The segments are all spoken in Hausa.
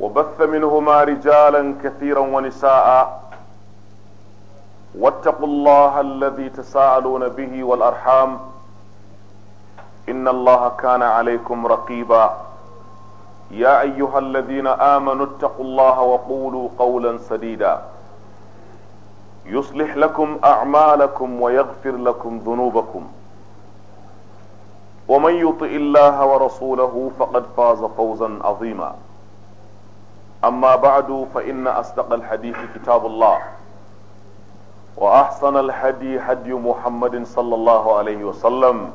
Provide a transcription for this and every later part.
وبث منهما رجالا كثيرا ونساء واتقوا الله الذي تساءلون به والارحام ان الله كان عليكم رقيبا يا ايها الذين امنوا اتقوا الله وقولوا قولا سديدا يصلح لكم اعمالكم ويغفر لكم ذنوبكم ومن يطئ الله ورسوله فقد فاز فوزا عظيما أما بعد فإن أصدق الحديث كتاب الله وأحسن الحدي حدي محمد صلى الله عليه وسلم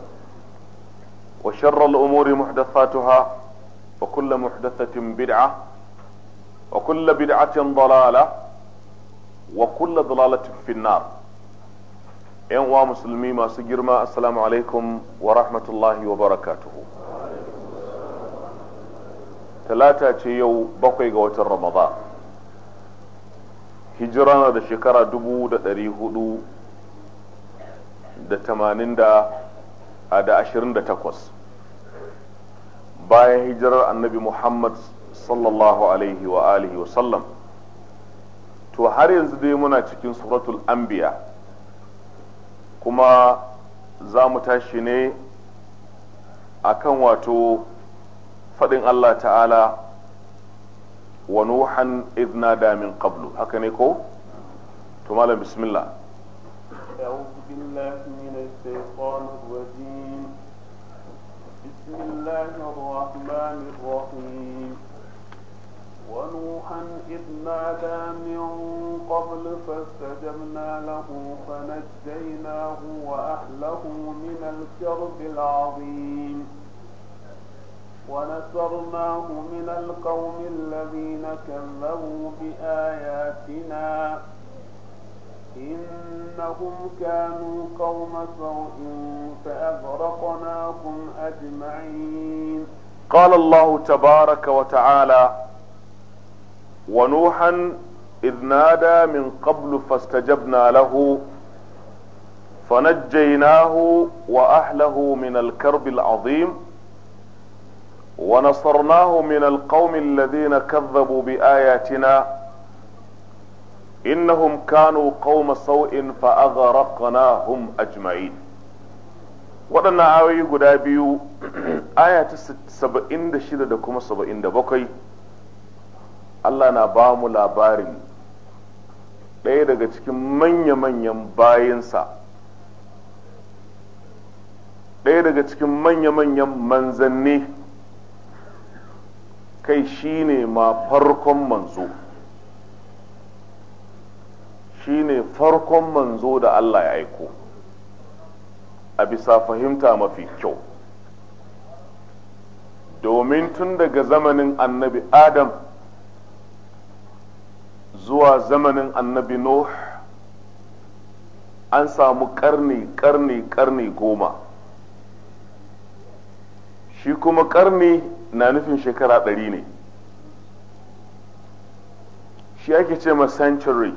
وشر الأمور محدثاتها وكل محدثة بدعة وكل بدعة ضلالة وكل ضلالة في النار ‘Yan uwa musulmi masu girma, Assalamu alaikum wa rahmatullahi wa barakatuhu. talata ce yau bakwai ga watan ramadan hijira na da shekara dubu da ɗari hudu da tamanin da a da ashirin da takwas bayan hijirar annabi muhammad sallallahu alaihi wa alihi wasallam to har yanzu dai muna cikin suratul anbiya kuma za mu tashi ne akan wato فدين الله تعالى ونوحا إذ نادى من قبل qablu haka ne بسم الله أعوذ بالله من الشيطان الرجيم بسم الله الرحمن الرحيم ونوحا إذ نادى من قبل فاستجبنا له فنجيناه وأهله من الكرب العظيم ونصرناه من القوم الذين كذبوا بآياتنا إنهم كانوا قوم سوء فأغرقناهم أجمعين قال الله تبارك وتعالى ونوحا إذ نادى من قبل فاستجبنا له فنجيناه وأهله من الكرب العظيم ونصرناه من القوم الذين كذبوا بآياتنا إنهم كانوا قوم سوء فأغرقناهم أجمعين waɗannan ayoyi guda biyu aya ta saba'in da shida da kuma saba'in da bakwai Allah na bamu labarin ɗaya daga cikin manya-manyan bayansa ɗaya daga cikin manya-manyan manzanni kai shi ne ma farkon manzo ne farkon manzo da Allah ya aiko a bisa fahimta mafi kyau domin tun daga zamanin annabi adam zuwa zamanin annabi nuh an samu karni karni karni goma shi kuma karni na nufin shekara ɗari ne shi ake ce ma century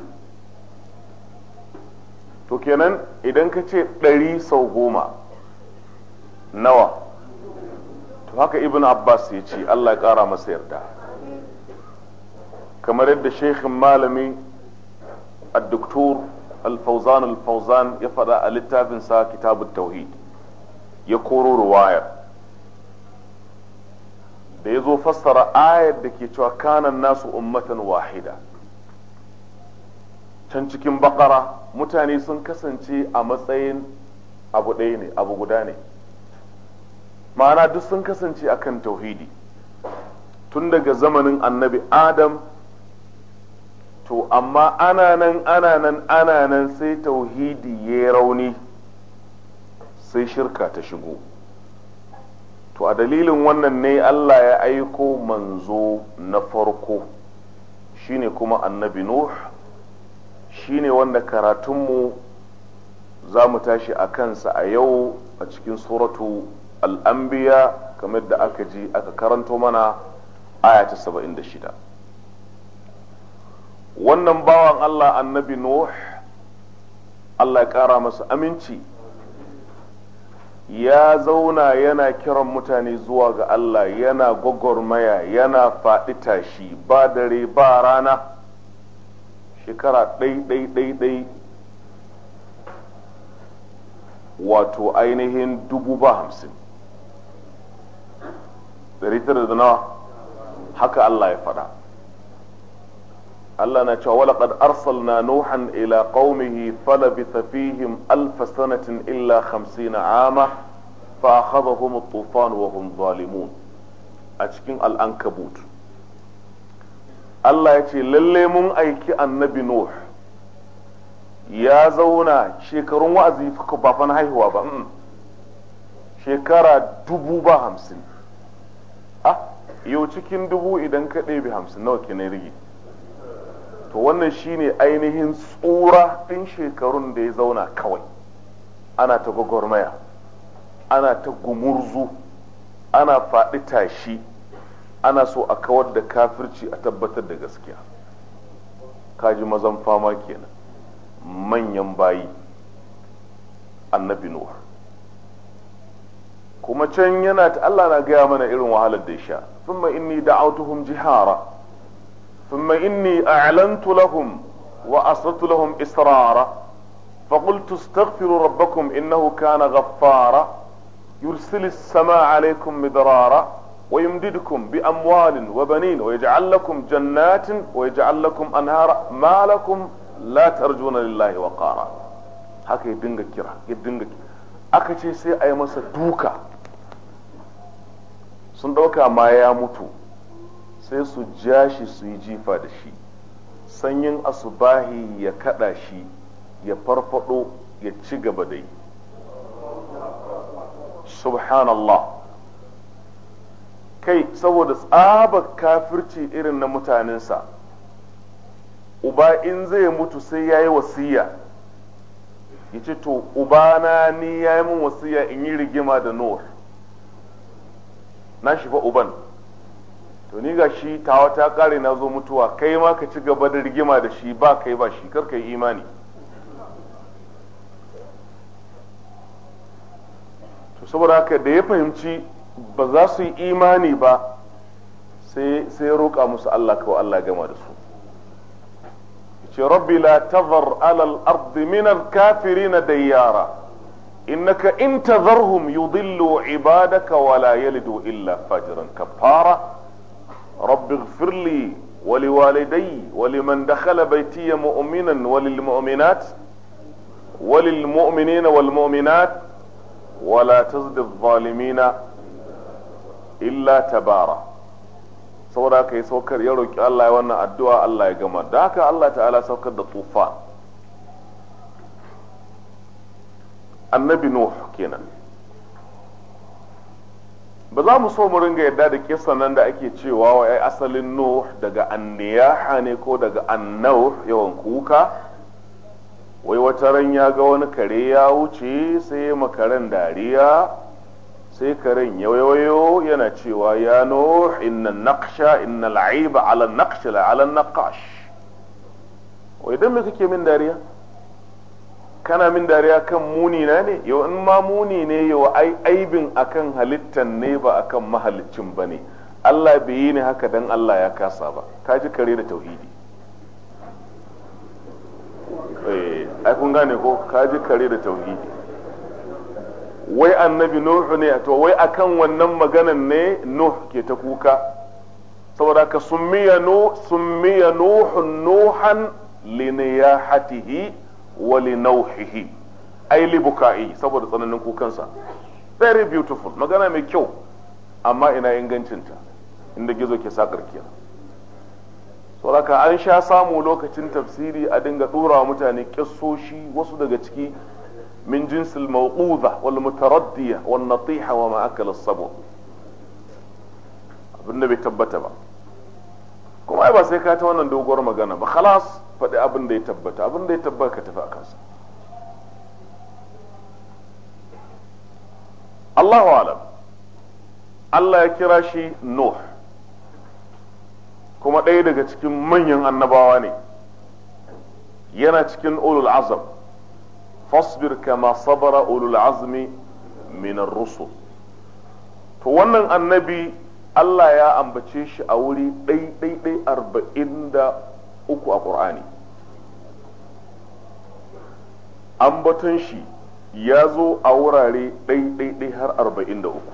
to kenan idan ka ce ɗari sau goma nawa to haka ibn abbas ya ce allah ya ƙara masa yarda kamar yadda shekhin malami a doktor al al ya faɗa a littafinsa kitabun tauhid ya koro ruwayar da ya zo fassara ayar da ke cewa kanan nasu ummatan wahida can cikin bakara mutane sun kasance a matsayin abu ɗaya ne abu guda ne ma'ana duk sun kasance a kan tauhidi tun daga zamanin annabi adam to amma ana nan ana nan ana nan sai tauhidi ya rauni sai shirka ta shigo to a dalilin wannan ne Allah ya aiko manzo na farko shine kuma annabi Nuh shine wanda karatunmu za mu tashi a kansa a yau a cikin suratu al'ambiya kamar da aka ji aka karanto mana aya ta saba'in da shida wannan bawan Allah annabi Nuh Allah ya ƙara masa aminci ya zauna yana kiran mutane zuwa ga Allah yana gwagwarmaya yana faɗi tashi ba dare ba rana shekara ɗai-ɗai-ɗai wato ainihin dubu ba hamsin da nawa haka Allah ya faɗa Allah na cewa arsal na nuhan ila qaumihi falabitha fihim alfasanatin illa 50 ama fa akhadhahum at-tufan wa hum zalimun a cikin al-ankabut Allah ya ce lallai mun aiki annabi nuh ya zauna shekarun wa'azi ba fa haihuwa ba shekara dubu ba hamsin ah yau cikin dubu idan ka ɗebe hamsin nawa ke na rigi to wannan shine ainihin tsura ɗin shekarun da ya zauna kawai ana ta gwagwarmaya ana ta gumurzu ana faɗi tashi ana so a kawar da kafirci a tabbatar da gaskiya kaji mazan fama kenan manyan bayi annabi nuwar kuma can yana ta Allah na gaya mana irin wahalar da ya sha ni inni da'awtuhum jihara ثم إني أعلنت لهم وأسرت لهم إسرارا فقلت استغفروا ربكم إنه كان غفارا يرسل السماء عليكم مدرارا ويمددكم بأموال وبنين ويجعل لكم جنات ويجعل لكم أنهارا ما لكم لا ترجون لله وقارا haka ya dinga kira ya dinga aka ce sai a yi masa duka sun dauka ma ya mutu sai su ja shi su yi jifa da shi sanyin asubahi ya kada shi ya farfado ya ci gaba da subhanallah kai saboda tsabar kafirci irin na mutanensa uba in zai mutu sai ya yi wasiya ya ce to ubana ni ya yi min wasiya in yi rigima da nor na shi fa uban to ni ga shi tawa ta kare na zo mutuwa kai ma ka ci gaba da rigima da shi ba kai ba shi kar ka yi imani to saboda haka da ya fahimci ba za su yi imani ba sai sai roƙa musu Allah kawai Allah gama da su ce rabbi la tazar alal ardi min al-kafirin dayyara innaka in tazarhum yudillu ibadaka wa illa. yalidu illa fajran kafara رب اغفر لي ولوالدي ولمن دخل بيتي مؤمنا وللمؤمنات وللمؤمنين والمؤمنات ولا تزد الظالمين إلا تبارا saboda haka ya saukar ya roƙi Allah ya wannan addu'a Allah ya gama da haka Allah ta'ala saukar da tufa. annabi Nuh kenan ba za mu so mu ringa yadda da kisan nan da ake cewa wa asalin nuh daga anniyaha ne ko daga annau yawan kuka wai wata ran ya ga wani kare ya wuce sai makaren dariya sai karen yawayo yana cewa ya nuh inna naqsha inna al'aiba ala naqsh ala naqash wai dan me kake min dariya kana min dariya kan muni na ne yau in ma muni ne yau ai aibin akan halittan ne ba akan mahalicin ba ne Allah bai yi ni haka dan Allah ya kasa ba ka ji kare da tauhidi eh, ai kun gane ko ka ji kare da tauhidi wai annabi nuhu ne to wai akan wannan maganan ne nuh ke ta kuka saboda ka summiya nuhun nuhan liniyahatihi wali nauhihi aili ai li buka'i saboda tsananin kukansa very beautiful magana mai kyau amma ina ingancinta inda gizo ke sa kenan saboda an sha samu lokacin tafsiri a dinga dora mutane kissoshi wasu daga ciki min jinsil mawquza wal mutaraddiya wan natiha wa ma akala sabu abinda bai tabbata ba kuma ai ba sai ka ta wannan doguwar magana ba khalas faɗi abin da ya tabbata abin da ya tabbata ka tafi a kansa Allahu alam Allah ya kira shi Nuh kuma ɗaya daga cikin manyan annabawa ne yana cikin ulul azam fasbir kama sabara ulul azmi min rusul to wannan annabi Allah ya ambace shi a wuri ɗai arba'in da uku a ƙur'ani ambaton shi ya zo a wurare ɗai har arba'in da uku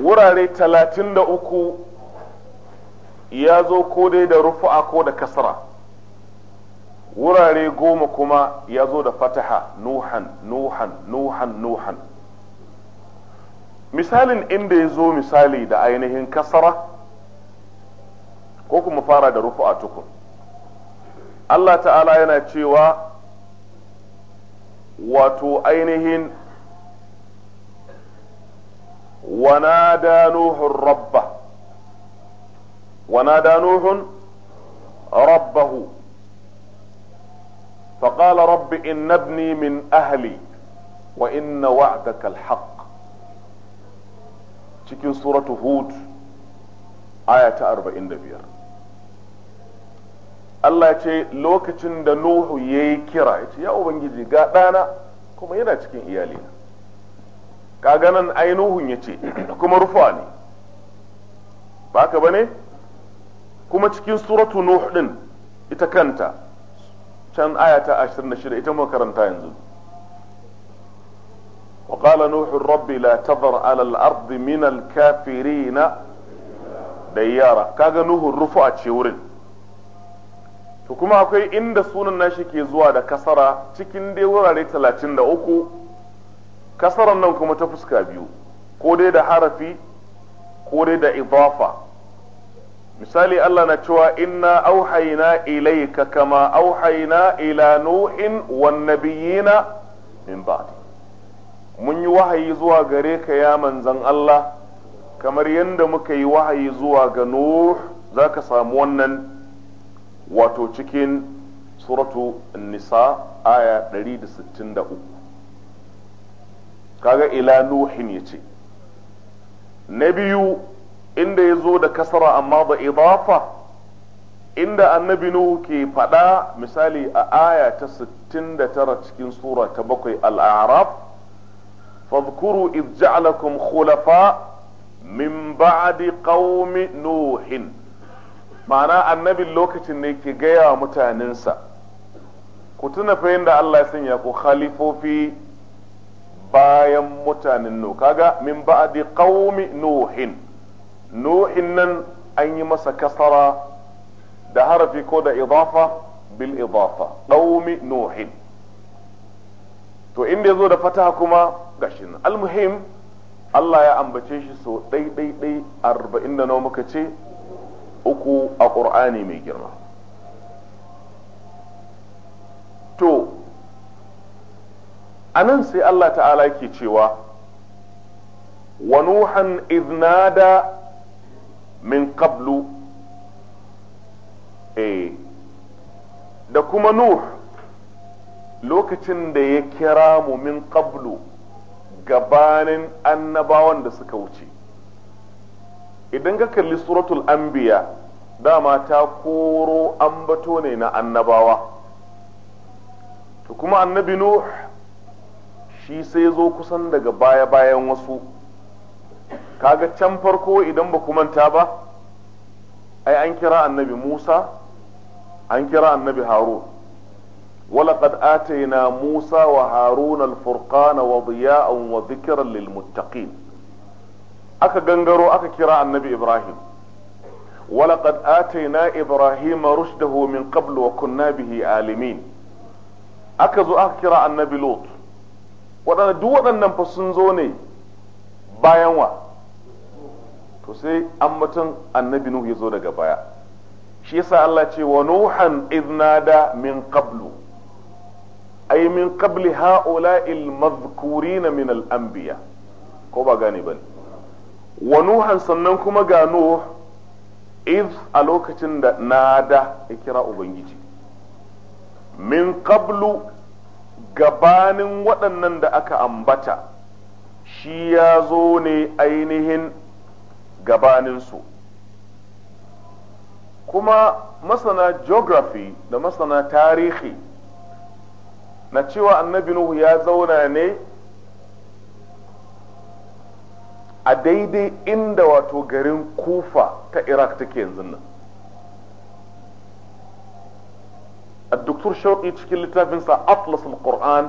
wurare talatin da uku ya zo ko dai da rufa'a ko da kasra wurare goma kuma ya zo da fataha nuhan nuhan nuhan nuhan misalin inda ya zo misali da ainihin kasara ko kuma fara da rufu a tukun Allah ta'ala yana cewa wato ainihin ونادى نوح ربه ونادى نوح ربه فقال رب إن ابني من أهلي وإن وعدك الحق cikin suratu hud arba'in da biyar. Allah ce lokacin da Nuhu ya yi kira ya ce ya Ubangiji ga ɗana kuma yana cikin iyali kaga nan ai Nuhun ya ce kuma rufa ne ba ka ba ne kuma cikin suratu Nuhu ɗin ita kanta can aya ta 26 ita makaranta yanzu وقال نوح رب لا تذر على الأرض da yara. Kaga كاغا نوح a تشورين to kuma akwai inda sunan na shi ke zuwa da kasara cikin da wurare talatin da uku kasaran nan kuma ta fuska biyu ko dai da harafi ko dai da idafa misali Allah na cewa inna auhayna ilayka kama auhaina ila nuhin wan nabiyina min mun yi wahayi zuwa gare ka ya manzan Allah kamar yadda muka yi wahayi zuwa ga Nuh za ka samu wannan wato cikin suratu nisa aya 163 kaga ila nuhin ya ce na biyu inda ya zo da kasara amma da idafa inda annabi Nuhu ke faɗa misali a aya ta 69 cikin sura ta bakwai al'araf fadhkuru iz ja'alakum khulafa min ba'di qaumi nuhin ma'ana annabi lokacin ne ki gaya wa mutanensa ku tuna fa yadda Allah ya sanya ku khalifofi bayan mutanen nuh kaga min ba'di qaumi nuhin nuhin nan an yi masa kasara da harafi ko da idafa bil idafa qaumi nuhin to inda ya zo da fataha kuma gashin almuhim Allah ya ambace shi so ɗai dai arba'in da nawa muka ce uku a ƙur'ani mai girma to a nan sai Allah ta'ala ke cewa wa nuhan iznada min qablu eh da kuma nuh lokacin da ya kira mu min qablu gabanin annabawan da suka wuce idan ka kalli suratul anbiya dama ta koro ambato ne na annabawa to kuma annabi nuh shi sai zo kusan daga baya bayan wasu kaga can farko idan ba manta ba ai an kira annabi musa an kira annabi harun ولقد آتينا موسى وهارون الفرقان وضياء وذكرا للمتقين aka gangaro aka kira annabi Ibrahim ولقد آتينا إبراهيم رشده من قبل وكنا به عالمين aka zo aka kira annabi Lot waɗanda duk waɗannan fa sun zo ne bayan wa to sai ambaton annabi Nuhu ya zo daga baya shi yasa Allah ce wa nuhan idnada min qablu ai min qabli ha'ula'il mazkurina min al-anbiya ko ba gane bane wa nuhan sannan kuma ga nuh iz a lokacin da nada ya kira ubangiji min qablu gabanin waɗannan da aka ambata shi ya zo ne ainihin gabaninsu kuma masana geography da masana tarihi na cewa annabi Nuhu ya zauna ne a daidai inda wato garin kufa ta iraq take yanzu nan a doktor shauki cikin littafinsa atlas al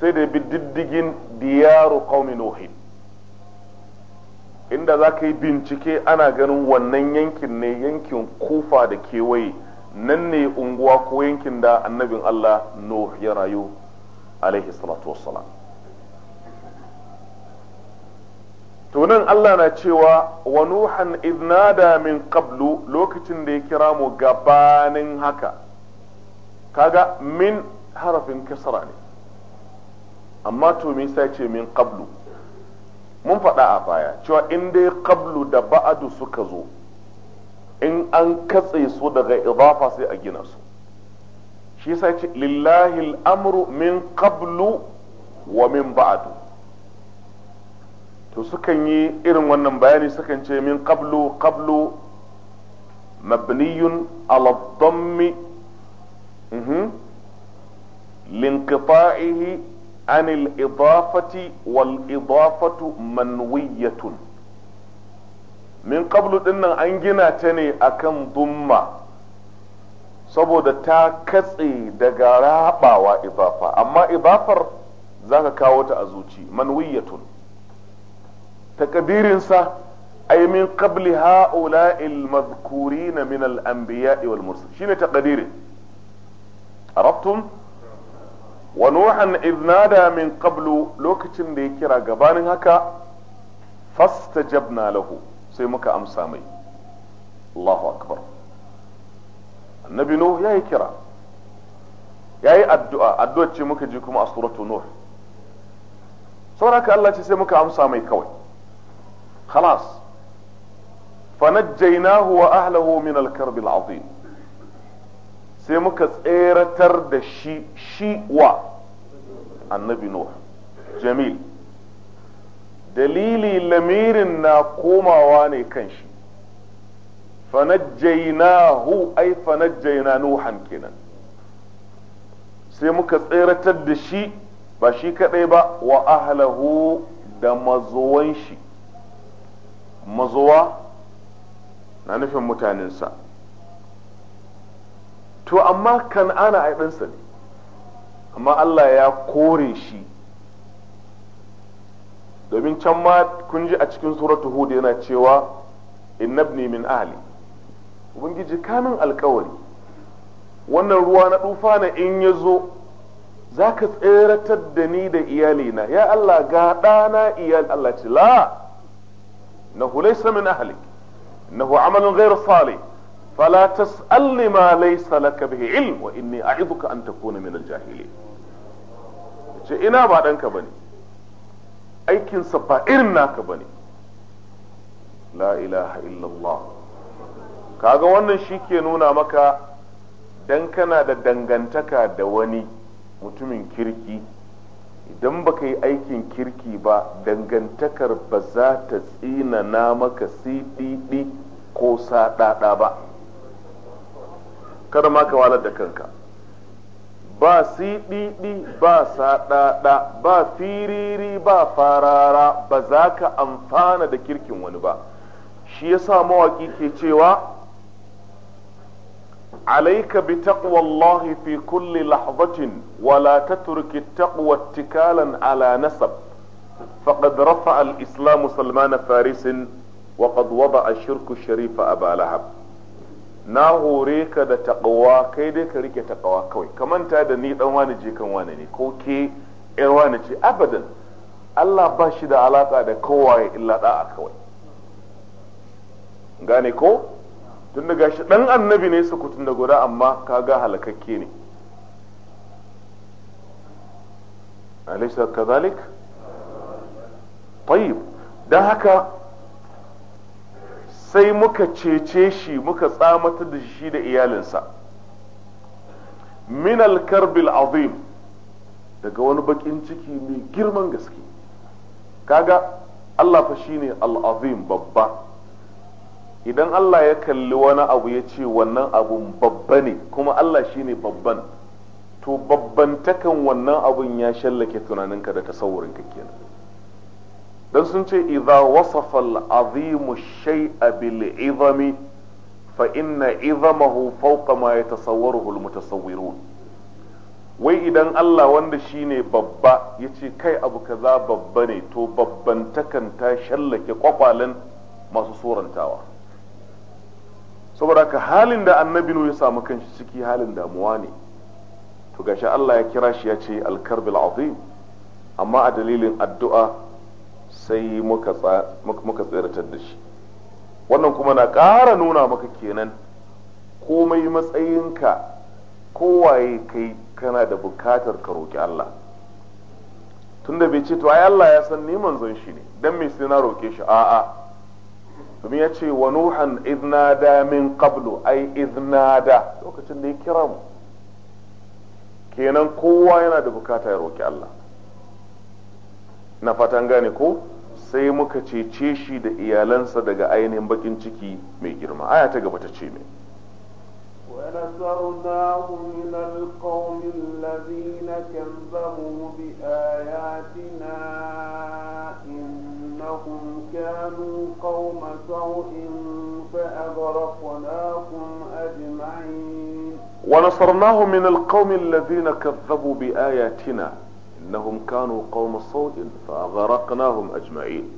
sai da bi diddigin diyaru qaumi nuhi inda za ka yi bincike ana ganin wannan yankin ne yankin kufa da kewaye nan ne unguwa ko yankin da annabin allah nuhu ya rayu alaihi salatu wassalam tunan Allah na cewa wa nuhan idnada min qablu lokacin da ya kira mu gabanin haka kaga min harafin kasra ne amma to me sai ce min qablu mun faɗa a baya cewa in dai qablu da ba'adu suka zo in an katse su daga idafa sai a gina su shi yasa ce lillahi al'amru min qablu wa min ba'adu, to sukan yi irin wannan bayani sukan ce min qablu qablu mabniyun ala dhammi mhm linqita'ihi an al-idafati manwiyatun min qablu dinnan an gina ta ne akan dhamma saboda ta katse daga rabawa ibafa amma ibafar za ka kawo ta a zuci manwiyatun takadirinsa ay min qabli ha'ula'i al-madhkurina min al-anbiya'i wal mursal shine taqdirin arabtum wa nuhan idh nada min qablu lokacin da ya kira gabanin haka fastajabna lahu sai muka amsa mai Allahu akbar annabi ya yayi kira yi addu'a addu'a ce muka ji kuma a suratu nuh sauraka Allah ce sai muka amsa mai kawai khalas fanajjaynahu wa ahlihi min al-karb al-azim sai muka tseratar da shi shi wa annabi nuh jamil dalili lamirin na komawa ne kan shi fanajjainahu ai fanajjaina nuhan kenan sai muka tseratar da shi ba shi kadai ba wa ahlahu da mazuwan shi mazuwa na nufin mutanensa to amma kan ana ai ɗansa ne amma Allah ya kore shi domin can ma kun ji a cikin suratu hud yana cewa innabni min ahli ubangiji kamin alkawari wannan ruwa na dufa na in ya zo za ka tseratar da ni da iyalina ya Allah ga ɗana iyal Allah ce la na laysa min na hu amalun ghayr salih fala tas'alni ma laysa laka bihi ilm wa inni a'idhuka an takuna min al-jahilin ce ina ba ɗanka bane aikinsa ba irin naka bane la ilaha illallah kaga wannan shi ke nuna maka dan kana da dangantaka da wani mutumin kirki idan baka yi aikin kirki ba dangantakar ba za ta tsinana maka cdd ko saɗaɗa ba kada ma ka walar da kanka ba cdd ba saɗaɗa ba firiri ba farara ba za ka amfana da kirkin wani ba shi yasa mawaki ke cewa عليك بتقوى الله في كل لحظة ولا تترك التقوى اتكالا على نسب فقد رفع الإسلام سلمان فارس وقد وضع الشرك الشريف أبا لهب na hore ka da taƙawa kai dai ka rike taƙawa kawai ka manta da ni dan wani je kan wani ne ko ke yar wani ce abadan Allah ba shi da alaka da kowaye illa da'a kawai gane ko tun da gashi ɗan annabi ne su kutun da guda amma kaga halakakke ne alaysa kadhalik tayyib dan haka sai muka cece shi muka tsamatar da shi da iyalinsa min al-karbil azim daga wani bakin ciki mai girman gaske kaga Allah fa shine al-azim babba idan Allah ya kalli wani abu ya ce wannan abun babba ne kuma Allah shine babban to takan wannan abun ya shallake tunaninka da tasawurin kenan dan sun ce idza wasafa al-azimu shay'a bil izami fa inna izamahu fawqa ma yatasawwaruhu al-mutasawwirun wai idan Allah wanda shine babba yace kai abu kaza babba ne to babbantakan ta shallake kwakwalen masu surantawa saboda ka halin da annabi ya samu kanshi ciki halin damuwa ne to gashi Allah ya kira shi ya ce alkarbil azim amma a dalilin addu'a sai muka tsiratar da shi wannan kuma na ƙara nuna maka kenan komai matsayinka kowaye kai kana da bukatar ka roƙi Allah tunda bai ce to ai Allah ya san ni manzon shi ne dan me sai na roƙe shi a'a domin ya ce wa nuhan iznada min qablu ai iznada lokacin da ya kira mu kenan kowa yana da bukata ya roki Allah na fatan gane ko sai muka cece shi da iyalansa daga ainihin bakin ciki mai girma aya ta gaba ta ce mai ونصرناه من القوم الذين كذبوا بآياتنا إنهم كانوا قوم سوء فأغرقناهم أجمعين ونصرناه من القوم الذين كذبوا بآياتنا إنهم كانوا قوم سوء فأغرقناهم أجمعين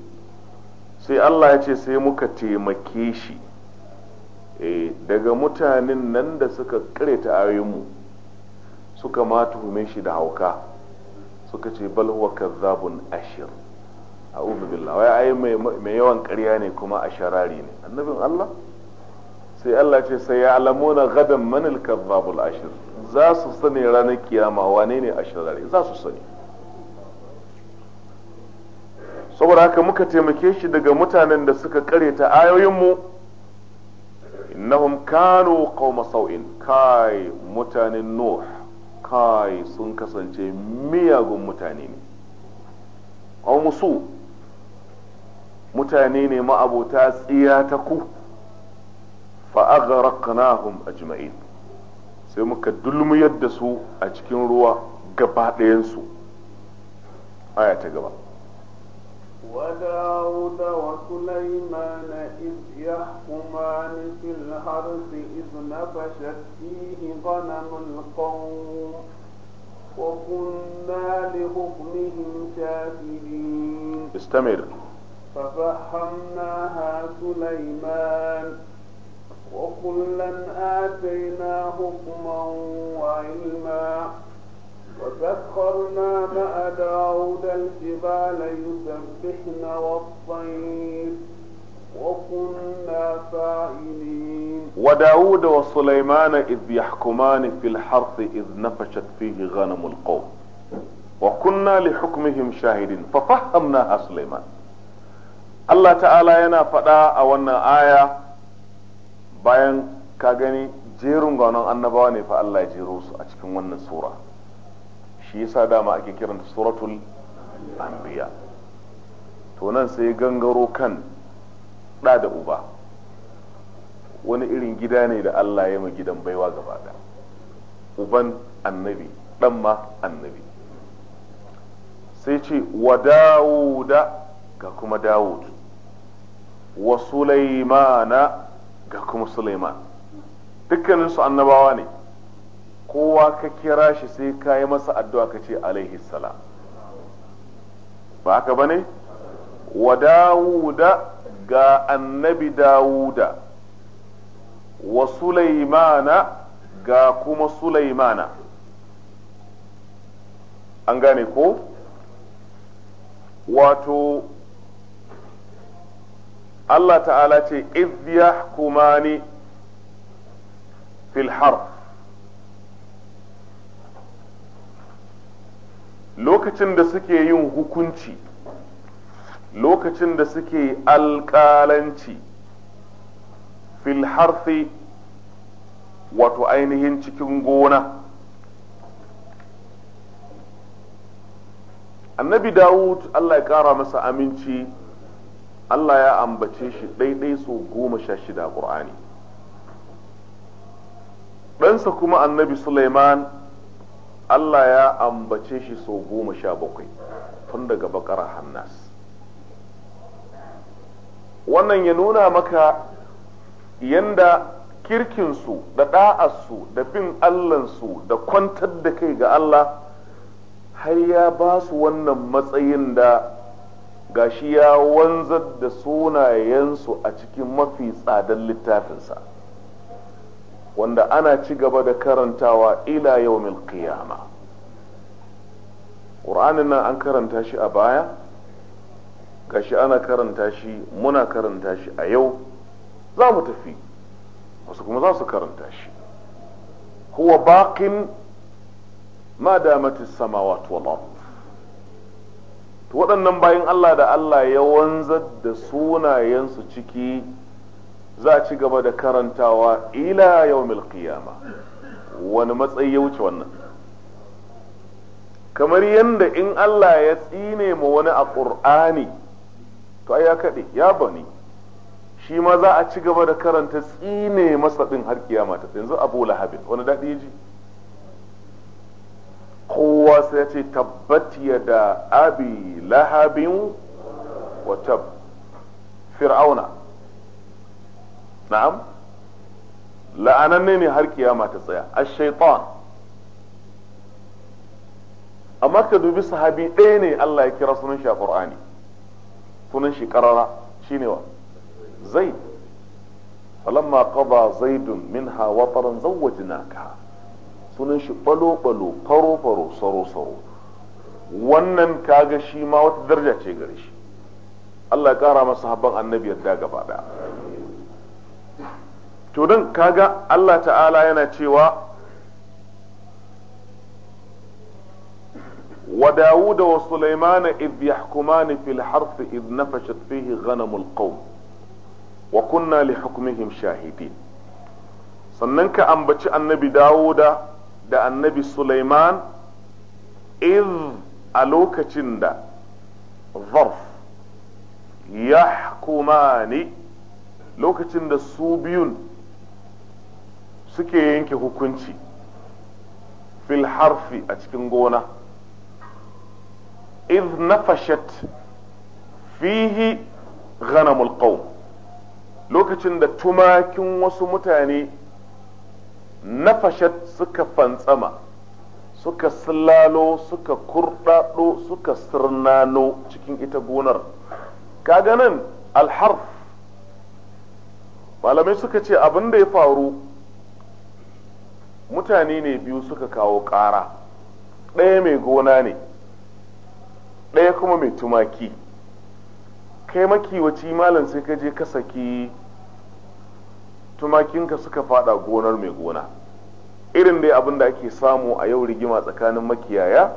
سي الله يتسيمك تيمكيشي مكيشي Eh, daga mutanen nan da suka ta ayoyinmu suka ma tuhume shi da hauka suka ce bal huwa kazzabun ashir a'udhu billah wai ai mai yawan ƙarya ne kuma a sharari ne annabin Allah sai Allah ce sai ya alamuna gadan manil kazzabul ashir za su sani ranar kiyama wane ne a sharari za su sani saboda haka muka taimake shi daga mutanen da suka ta ayoyinmu innahum kanu qauma sau'in kai mutanen nuh kai sun kasance miyagun mutane ne aw musu mutane ne ma'abota tsiya ta ku fa ajma'in sai muka dulmuyar da su a cikin ruwa gaba ɗayansu aya ta gaba وداود وسليمان إذ يحكمان في الحرث إذ نفشت فيه غنم القوم وكنا لحكمهم شاكرين استمر ففهمناها سليمان وكلا آتينا حكما وعلما وسخرنا مع داود الجبال يسبحن والطير وكنا فاعلين وداود وسليمان إذ يحكمان في الحرث إذ نفشت فيه غنم القوم وكنا لحكمهم شاهدين ففهمناها سليمان الله تعالى ينا فدا a wannan aya bayan ka gani jerin gwanon annabawa ne fa Allah ya jero su a cikin wannan sura shi yasa dama ake kiranta suratul anbiya to nan sai gangaro kan ɗa da uba wani irin gida ne da Allah ya ma gidan baiwa gaba da uban annabi ɗan ma annabi sai ce wa dawuda ga kuma dawud wa sulaimana ga kuma sulaiman dukkaninsu annabawa ne kowa ka kira shi sai ka yi masa addu'a ka ce alaihi salam ba haka ba ne wa dawuda ga annabi dawuda wa sulaimana ga kuma sulaimana an gane ko wato Allah ta'ala ce iz yahkumani fil harf lokacin da suke yin hukunci lokacin da suke alƙalanci fil harfi wato ainihin cikin gona annabi dawud allah ya ƙara masa aminci allah ya ambace shi ɗaiɗai so goma sha shida ƙur'ani ɗansa kuma annabi suleiman Allah ya ambace shi sau goma sha bakwai tun daga bakara hannas wannan ya nuna maka yanda kirkinsu da ɗa'arsu da bin allansu da kwantar da kai ga Allah har ya ba su wannan matsayin da gashi ya wanzar da sunayensu a cikin mafi tsadan littafinsa. wanda ana ci gaba da karantawa ila yau qiyama ƙur'anin nan an karanta shi a baya gashi ana karanta shi muna karanta shi a yau za mu tafi wasu kuma za su karanta shi huwa bakin ma damati samawat wal waɗannan bayan Allah da Allah ya wanzar da sunayensu ciki za a ci gaba da karantawa ila yawmil qiyama wani matsayi ya wuce wannan kamar yadda in Allah ya tsine ma wani a ƙur'ani to ai ya kaɗe ya bani shi ma za a ci gaba da karanta tsine masa ɗin har kiyama ta yanzu abu lahabin wani daɗi ji kowa sai ya ce tabbat da abi lahabin wa fir'auna na'am la'ananne ne har kiyama ta tsaya ash-shaytan amma ka dubi sahabi ɗaya ne Allah ya kira sunan shi a Qur'ani sunan shi karara shine wa zaid falamma qada zaidun minha wataran zawwajnaka sunan shi balo balo faro faro saro saro wannan kaga shi ma wata daraja ce gare shi Allah ya kara masa habban annabi yadda gaba daya to don kaga Allah ta'ala yana cewa wa Dawuda wa sulaiman idh yahkumani fil harth idh nafashat fihi ghanamul qawm wa kunna li hukmihim shahidin sannan ka ambaci annabi Dawuda da annabi Sulaiman idh a lokacin da zarf yahkumani lokacin da su biyun suke yanke hukunci fil harfi a cikin gona iz nafashat fihi ghanamul qawm lokacin da tumakin wasu mutane nafashat suka fantsama suka sallalo suka kurɗaɗo suka sirnano cikin ita gonar kaga nan alharf malamai suka ce abin da ya faru mutane ne biyu suka kawo ƙara ɗaya mai gona ne ɗaya kuma mai tumaki kai makiwaci malam sai ka je ka saki tumakinka suka fada gonar mai gona irin dai abin da ake samu a yau rigima tsakanin makiyaya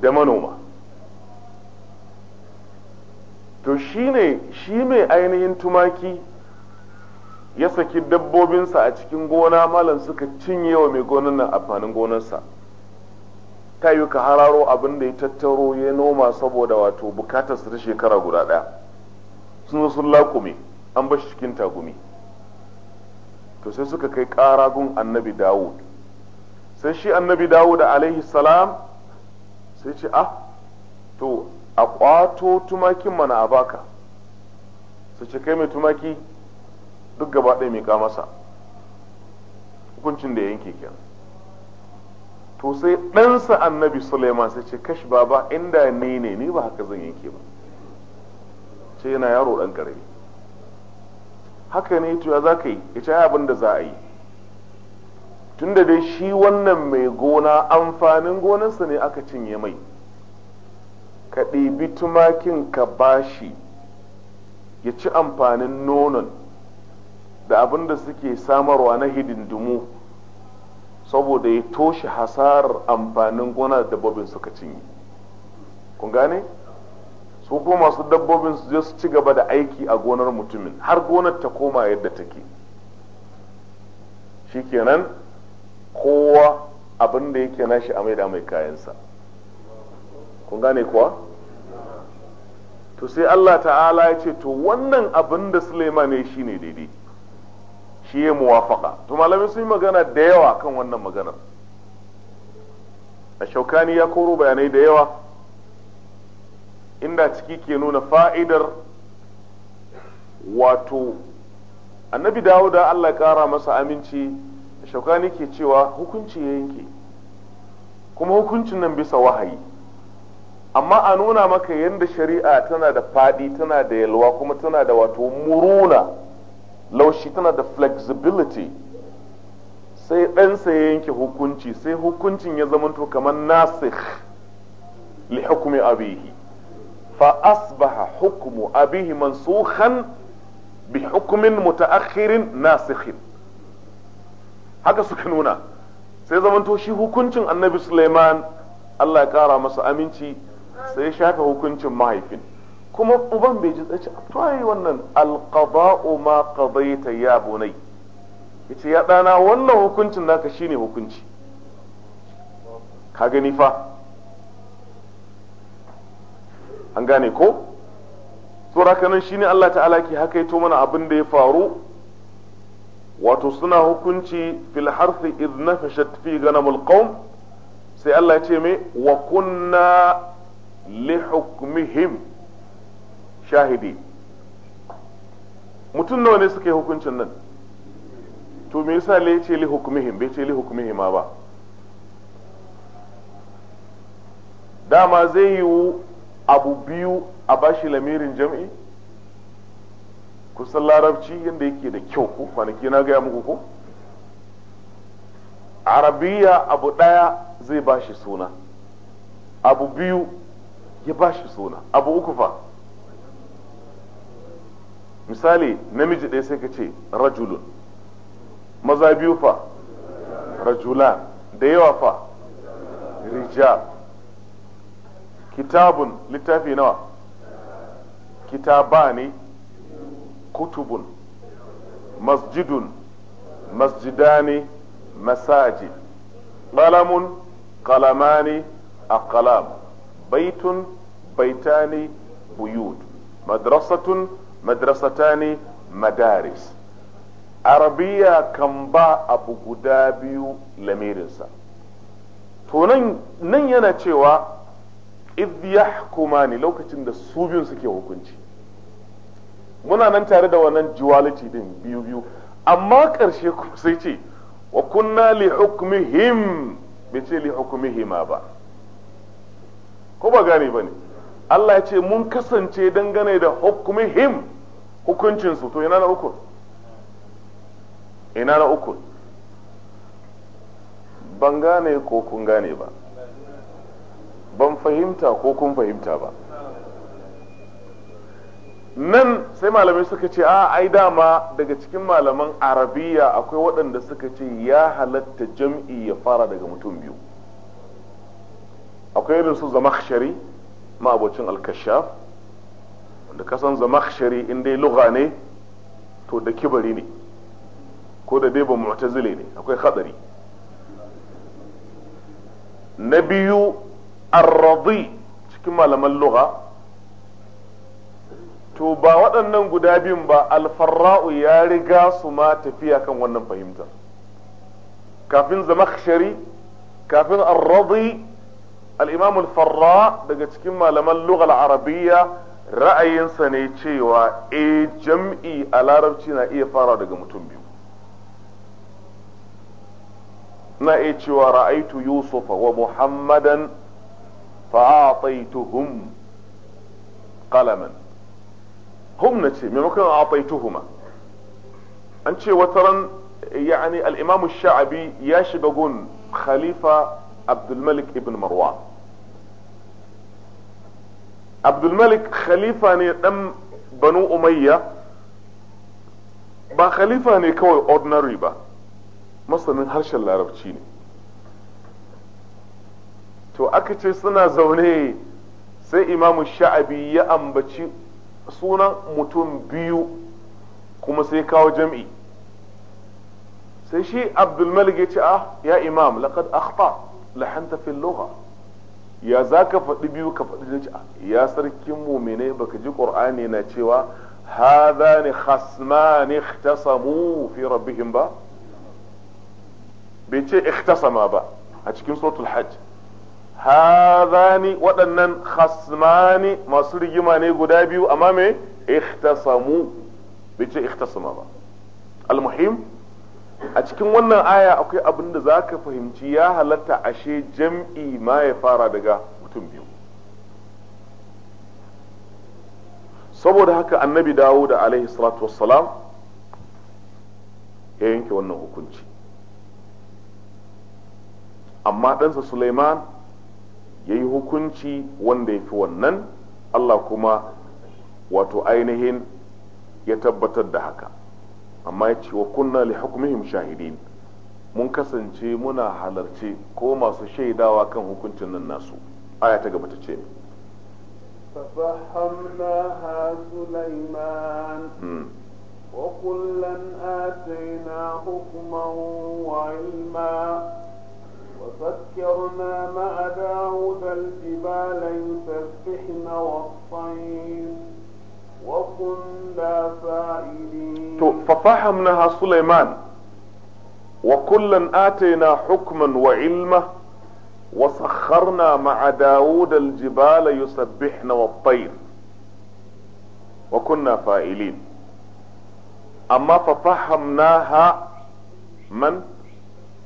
da manoma to shi ne shi mai ainihin tumaki ya saki dabbobinsa a cikin gona malam suka cinye wa mai gonan nan amfanin gonarsa ta yi ka hararo abin da ya tattaro ya noma saboda wato bukatar su ta shekara guda ɗaya sun zo sun lakume an shi cikin tagumi to sai suka kai ƙaragun annabi dawud sai shi annabi dawud alaihi salam sai ce ah to a ƙwato tumakin mana a baka su ce kai mai tumaki duk gaba ɗaya mika masa hukuncin da yanke kenan to sai ɗansa annabi Suleiman sai ce kashi baba inda ne ne ni ba haka zan yanke ba ce yana yaro ɗan ƙarami haka ne to za ka yi ya ce abin da za a yi tun da dai shi wannan mai gona amfanin gonansa ne aka cinye mai ka ɗibi tumakin ka bashi ya ci amfanin nonon da abin da suke samarwa na hidindimu saboda ya toshe hasarar amfanin gona da dabbobin suka cinye kun gane su ko masu dabbobin su je su ci gaba da aiki a gonar mutumin har gonar ta koma yadda take shikenan kowa abin da yake nashi a maida mai kayansa kun gane kuwa to sai Allah ta'ala ya ce to wannan abin da Suleiman ne shine daidai shi ya muwafaka to malamai sun yi magana da yawa kan wannan maganar a shaukani ya koro bayanai da yawa inda ciki ke nuna fa'idar wato annabi da allah kara masa aminci shaukani ke cewa hukunci ya yanke kuma hukuncin nan bisa wahayi amma a nuna maka yadda shari'a tana da faɗi tana da yalwa kuma tana da wato muruna laushi tana da flexibility sai ɗansa ya yanke hukunci sai hukuncin ya zamanto kamar nasikh li hukumi abihi fa asbaha hukmu abihi mansukhan bi hukumin mutaakhirin nasikhin haka suka nuna sai zamanto shi hukuncin annabi suleiman allah ya kara masa aminci sai ya shafe hukuncin mahaifin kuma uban bai ji tsaci to ai wannan alqada'u ma qadayta ya bunai yace ya dana wannan hukuncin naka shine hukunci ka gani fa an gane ko raka nan shine Allah ta'ala ke hakaito mana abin da ya faru wato suna hukunci fil harfi idh nafashat fi ganamul qaum sai Allah ya ce me wa kunna li hukmihim shahidi mutum nawa ne suka hukuncin nan to me yasa le ce li hukumihim bai ce li hukumihima ba dama zai yiwu abu biyu a bashi lamirin jam'i kusan larabci yadda yake da kyau ko kwanaki na gaya muku ko arabiya abu ɗaya zai bashi suna abu biyu ya bashi suna abu uku fa misali namiji ɗaya sai ka ce rajulun maza biyu fa rajula da yawa fa rija kitabun littafi nawa kitaba ne kutubun masjidun masjidani masajid qalamun a ƙalam baitun baitani buyut madrasatun madrasatani madaris arabiya kan ba abu guda biyu lamirinsa to nan yana cewa kuma ne lokacin da su biyun suke hukunci muna nan tare da wannan duality din biyu biyu amma ƙarshe sai ce wa kunna li hukmihim bai ce li hukmihima ba ko ba gane ba ne Allah ya ce mun kasance dangane da hukmihim hukuncinsu to ina na ukun ina na ukun ban gane ko kun gane ba ban fahimta ko kun fahimta ba nan sai malamai suka ce a ai dama daga cikin malaman arabiya akwai waɗanda suka ce ya halatta jam'i ya fara daga mutum biyu akwai irin su zama shari ma'abocin alkashaf da kasan zamakshari in dai lugha ne to da kibari ne ko da dai ba mu'tazile ne akwai hatsari na biyu arradi cikin malaman lugha to ba waɗannan guda biyun ba alfarra'u ya riga su ma tafiya kan wannan fahimtar kafin zamakshari kafin arradi al-imam al-farra daga cikin malaman lughal arabiyya ra'ayinsa ne cewa e jam'i a larabci na iya fara daga mutum biyu na iya cewa ra'aitu yusufa wa muhammadan fa'ataituhum qalaman hum na ce maimakon a'ataituhuma an ce wataran yani al-imam sha'abi ya shiga gun khalifa abdulmalik ibn marwan abdulmalik khalifa ne dan banu umayya ba khalifa ne kawai ordinary ba masanin harshen larabci ne to aka ce suna zaune sai imamu sha'abi ya ambaci sunan mutum biyu kuma sai kawo jam'i sai shi abdulmalik ya ce ah ya imam laqad akhta lahanta fil lugha ya za ka faɗi biyu ka faɗi da ah, ya sarkin muminai baka ji ƙur'ani na cewa hadani khasmani ikhtasamu fi rabbihim ba bai ce ikhtasama ba a cikin suratul hajj hadani waɗannan khasmani masu rigima ne guda biyu amma me ikhtasamu bai ce ikhtasama ba al-muhim a cikin wannan aya akwai abin da za ka fahimci ya halatta ashe jam'i ma ya fara daga mutum biyu saboda haka annabi dawo da alaihi salatu wassalam ya yanke wannan hukunci amma ɗansa suleiman ya yi hukunci wanda ya fi wannan allah kuma wato ainihin ya tabbatar da haka amma ya ce wa kunna li hukumihim shahidin mun kasance muna halarci ko masu shaidawa kan hukuncin nan nasu aya ta gaba ta ce fahamnaha sulaiman hmm. wa kullan atayna hukman wa ilma wa sakkarna ma'a da'udal jibala yusabbihna wa tayyib وكنا تو ففهمناها سليمان وكلا آتينا حكما وعلما وسخرنا مع داود الجبال يسبحن والطير وكنا فائلين أما ففهمناها من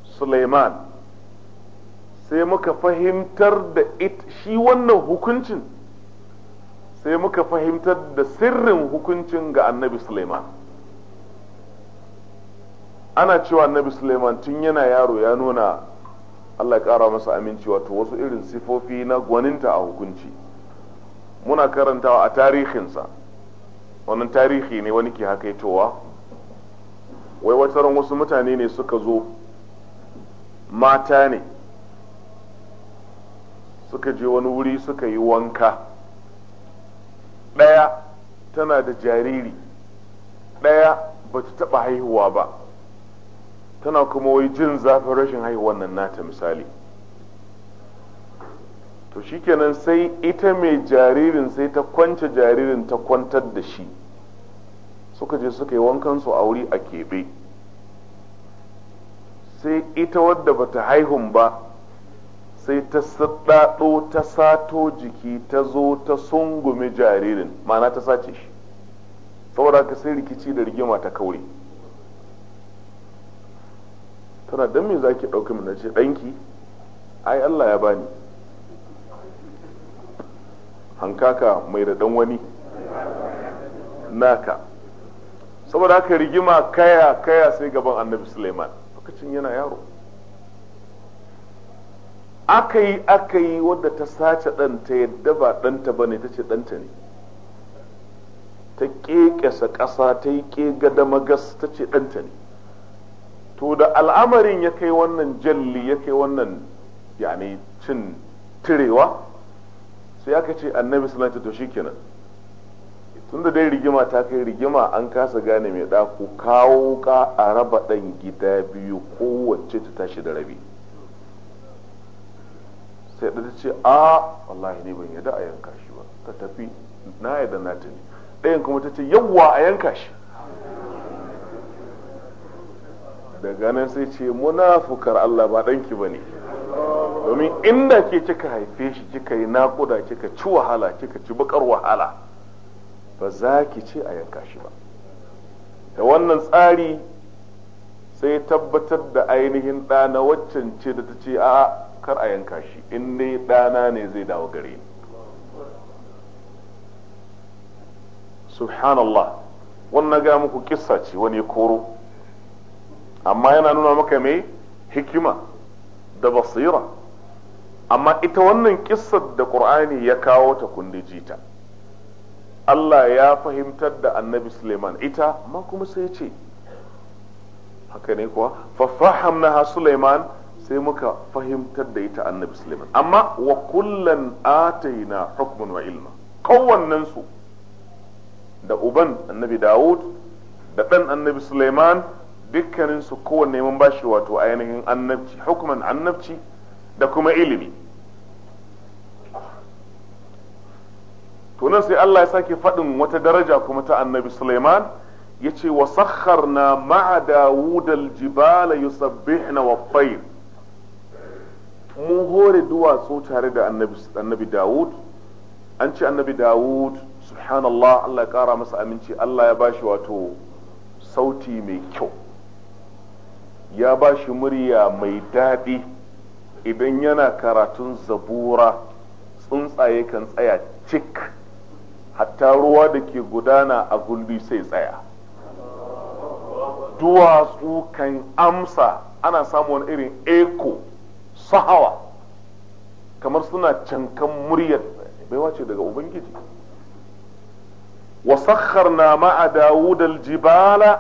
سليمان سيمك muka ترد إت شي wannan sai muka fahimtar da sirrin hukuncin ga annabi Suleiman ana cewa annabi Suleiman tun yana yaro ya nuna Allah ya ƙara masa aminci wato wasu irin sifofi na gwaninta a hukunci muna karantawa a tarihinsa wannan tarihi ne wani ke haka towa wai wataran wasu mutane ne suka zo mata ne suka je wani wuri suka yi wanka ɗaya tana da jariri ɗaya ba ta taɓa haihuwa ba tana kuma wai jin zafin rashin haihuwan nan nata misali to shi shikenan sai ita mai jaririn sai ta kwance jaririn ta kwantar da shi suka je suka yi wankan su a wuri a keɓe sai ita wadda bata haihun ba sai ta saɗaɗo ta sato jiki ta zo ta sungume jaririn ma'ana ta sace shi saboda ka sai rikici da rigima ta kaure tana don me za ki ɗauki mu na ce ɗanki ai Allah ya bani hankaka mai da ɗan wani naka saboda haka rigima kaya kaya sai gaban annabi suleiman lokacin yana yaro aka yi aka yi wadda ta sace ɗanta yadda ba ɗanta ba ne ta ce ɗanta ne ta ƙeƙasa ƙasa ta yi ƙega da magas ta ce ɗanta ne to da al'amarin ya kai wannan jalli ya kai wannan yani cin tirewa sai aka ce annabi sallallahu to shikenan da dai rigima ta kai rigima an kasa gane mai ɗaku kawo ka a raba ɗan gida biyu kowace ta tashi da rabi sai da ta ce a wallahi ne ban yadda a yanka shi ba ta tafi na yadda na ta ne ɗayan kuma ta ce yawwa a yanka shi daga nan sai ce munafukar Allah ba ɗanki ba ne domin inda ke kika haife shi kika yi naƙuda kika ci wahala kika ci bakar wahala ba za ki ce a yanka shi ba ta wannan tsari sai tabbatar da ainihin ɗana na waccan ce da ta ce a kar a yanka shi in dai ɗana ne zai dawo gare subhanallah wannan ga muku kissa ce wani koro amma yana nuna maka mai hikima da basira amma ita wannan kissar da qur'ani ya kawo ta kundiji ta Allah ya fahimtar da annabi Suleiman ita ma kuma sai ce haka ne kuwa ha Suleiman sai muka fahimtar da ita annabi suleiman amma wa kullan ataina hukman wa ilma kowannen su da uban annabi Dawud da dan annabi suleiman dukkanin su kowanne mun bashi wato ainihin annabci hukman annabci da kuma ilimi to nan sai Allah ya sake faɗin wata daraja kuma ta annabi ya yace wa sakharna ma'a Dawud al-jibala yusabbihna wa mun hore duwatsu tare da annabi Dawud an ce annabi Dawud subhanallah Allah ya kara masa aminci Allah ya bashi wato sauti mai kyau ya bashi murya mai daɗi idan yana karatun zabura tsuntsaye kan tsaya cik hatta ruwa da ke gudana a gulbi sai tsaya duwatsu kan amsa ana samun irin eko sahawa kamar suna cankan muryar baiwa ce daga ubangiji wa sakharna ma'a dawud aljibala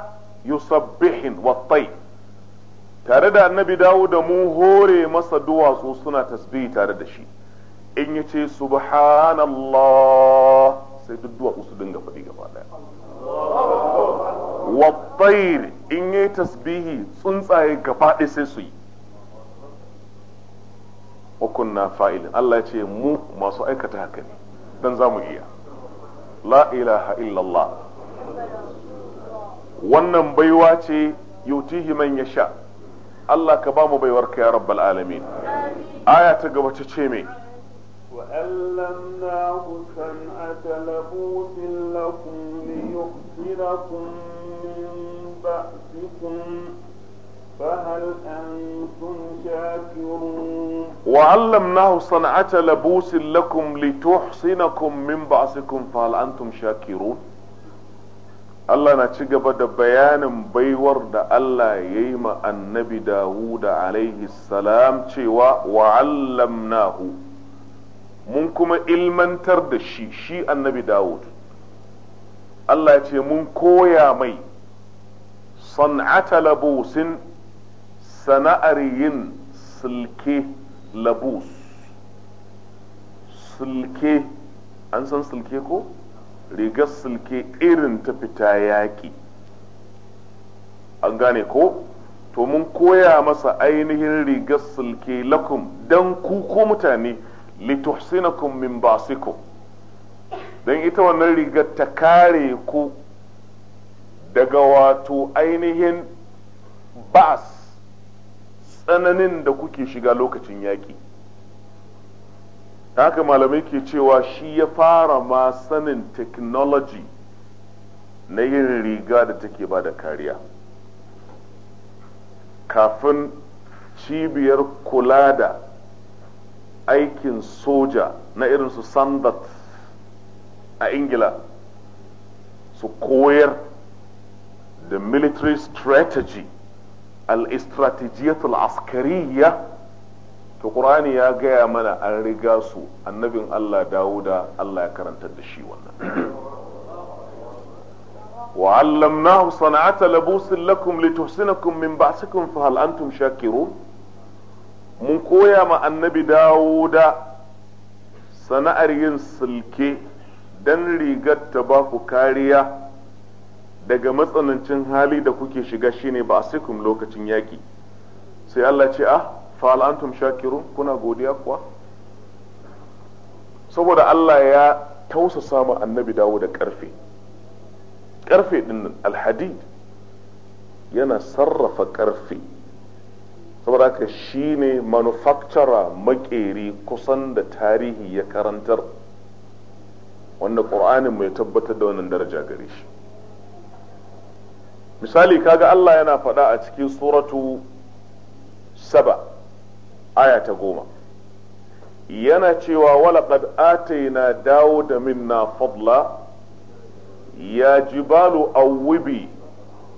yusabbihin wattai tare da annabi dawud mu hore masa duwatsu suna tasbihi tare da shi in ya ce subhanallah sai duk duwatsu su dinga faɗi gaba ɗaya wattai in yi tasbihi tsuntsaye gaba ɗaya sai su yi wa kunna fa'ilin Allah ya ce mu masu aikata haka ne dan za mu iya la ilaha illallah wannan baiwa ce yutihi man yasha Allah ka ba mu baiwar ka ya rabbal alamin aya ta gaba ta ce me وألمناه صنعة لبوس لكم ليحصنكم من بأسكم فهل أنتم شاكرون وعلمناه صنعة لبوس لكم لتحصنكم من بعثكم فهل أنتم شاكرون Allah na ci gaba da bayanin baiwar da Allah ya yi ma annabi Dawud alaihi cewa wa'allamnahu mun kuma ilmantar da shi shi annabi Dawud. Allah ce mun koya mai san'ata labusin sana'ar yin silke labus sulke an san silke ko rigar silke irin ta fita yaƙi an gane ko to mun koya masa ainihin rigar silke lakum don ku ko mutane lituhsinakum min basikum don ita wannan rigar ta kare ku daga wato ainihin bas tsananin da kuke shiga lokacin yaƙi haka malamai ke cewa shi ya fara ma sanin technology na yin riga da take ba da kariya kafin cibiyar kula da aikin soja na irin su sandat a ingila su koyar da military strategy al-istratijiyatul askariya to qur'ani ya gaya mana an riga su annabin Allah Dawuda Allah ya karantar da shi wannan wa 'allamnahu sana'ata labusin lakum lituhsinakum min ba'sikum fa hal antum shakirun mun koya ma annabi Dawuda sana'ar yin silke dan rigar ta ba ku kariya daga matsanancin hali da kuke shiga shine ba a asikum lokacin yaƙi sai Allah ce ah fa'al shakirun kuna godiya kuwa saboda Allah ya tausasa ma annabi dawo da ƙarfe ƙarfe ɗin alhadid yana sarrafa ƙarfe saboda haka shi ne manufacturer makeri kusan da tarihi ya karantar wanda ƙur'anin mai tabbatar da wannan daraja gare shi misali kaga Allah yana faɗa a cikin suratu saba aya ta goma yana cewa walaƙad ataina dawo da minna fadla ya jibalu awwibi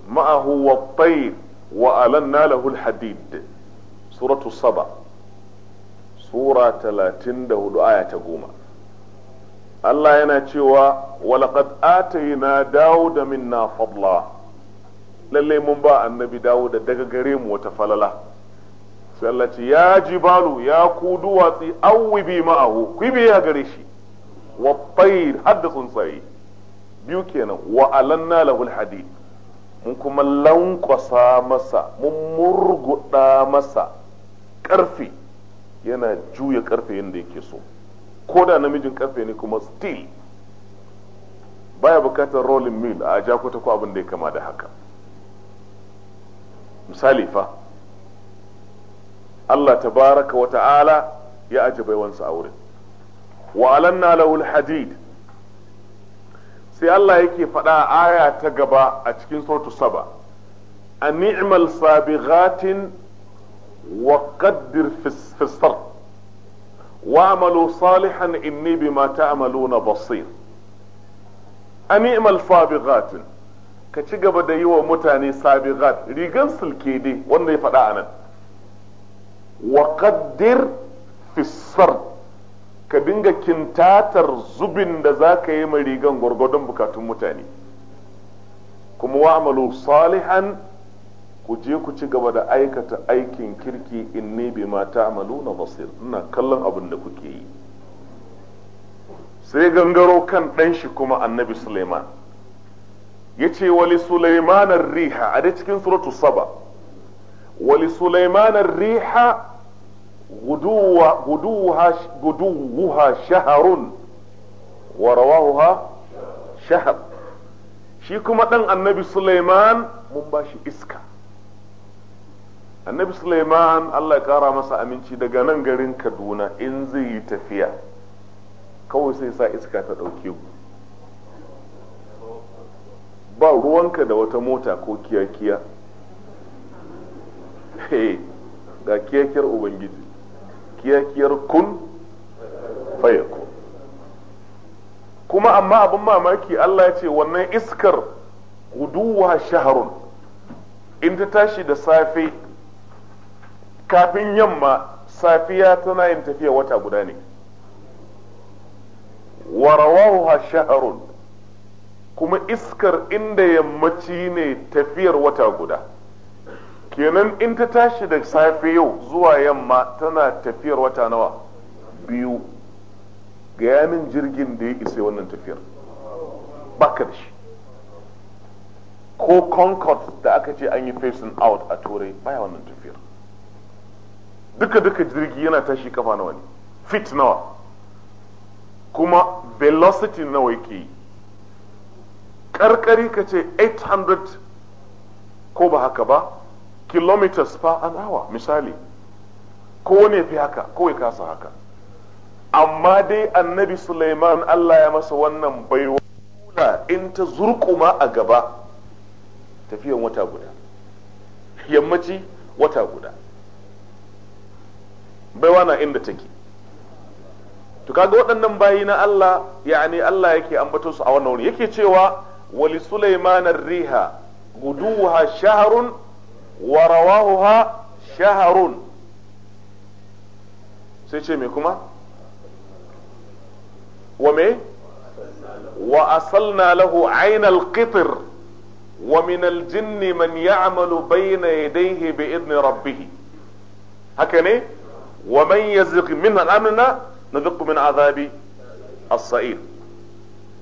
ma'ahu wa tayr wa alanna lahu hadid suratu saba sura talatin da hudu aya ta goma Allah yana cewa walaƙad ataina dawo da minna fadla lallai mun ba annabi dawo da daga gare mu wata falala sai Allah ce ya jibalu ya ku duwatsi awwibi ma'ahu ku bi ya gare shi wa tayr hadda tsuntsaye biyu kenan wa alanna lahul hadid mun kuma lankwasa masa mun murguda masa karfe yana juya karfe yadda yake so ko da namijin karfe ne kuma still baya bukatar rolling mill a aja ko abin da ya kama da haka misali fa Allah tabaraka wa ta'ala ya aji baiwansa a wurin wa alanna lahul hadid sai Allah yake faɗa aya ta gaba a cikin suratu saba a ni'mal sabighatin wa qaddir fisar wa amalu salihan inni bima ta'maluna basir a ni'mal sabighatin ka ci gaba da yi wa mutane sabiqat rigan sulke dai wanda ya faɗa a nan wa qaddir ka dinga kintatar zubin da za ka yi ma rigan gwargwadon bukatun mutane kuma wa amalu salihan ku je ku ci gaba da aikata aikin kirki in ne bi mata amalu na basir ina kallon abin da kuke yi sai gangaro kan ɗan kuma annabi suleiman yace wali sulaiman riha a dai cikin suratu saba wali sulaiman riha guduwa shaharun wa rawahuha shahar shi kuma ɗan annabi Sulaiman mun ba shi iska annabi Sulaiman Allah ya kara masa aminci daga nan garin Kaduna in zai yi tafiya kawai sai sa iska ta ɗauke ku ba ruwanka da wata mota ko kiyakiya ga kiyakiyar ubangiji kiyakiyar kun fayakun kuma amma abin mamaki Allah ya ce wannan iskar guduwa shaharun in ta tashi da safe kafin yamma safiya tana yin tafiya wata guda ne warawahu shaharun kuma iskar inda yammaci ne tafiyar wata guda kenan in ta tashi da safe yau zuwa yamma tana tafiyar wata nawa biyu ga yanin jirgin da ya isa wannan tafiyar baka da shi ko concord da aka ce an yi facing out a turai baya wannan tafiyar duka-duka jirgi yana tashi kafa nawa ne fit nawa kuma velocity nawa yake yi karkari ka ce 800 ko ba haka ba kilometers per an hour misali ko ne fi haka kawai kasa haka amma dai annabi Suleiman Allah ya masa wannan baiwa in ta zurkuma a gaba tafiyan wata guda yammaci wata guda baiwa na inda take to kaga waɗannan bayi na Allah yani Allah yake ambato su a wannan wuri yake cewa wali sulaiman riha guduha shahrun wa rawahuha shahrun sai ce me kuma wa me wa asalna lahu ainal qitr wa min aljinni man ya'malu bayna yadayhi bi idni rabbih haka ne wa man yazigh min amrina nadhiqu min azabi as-sa'ir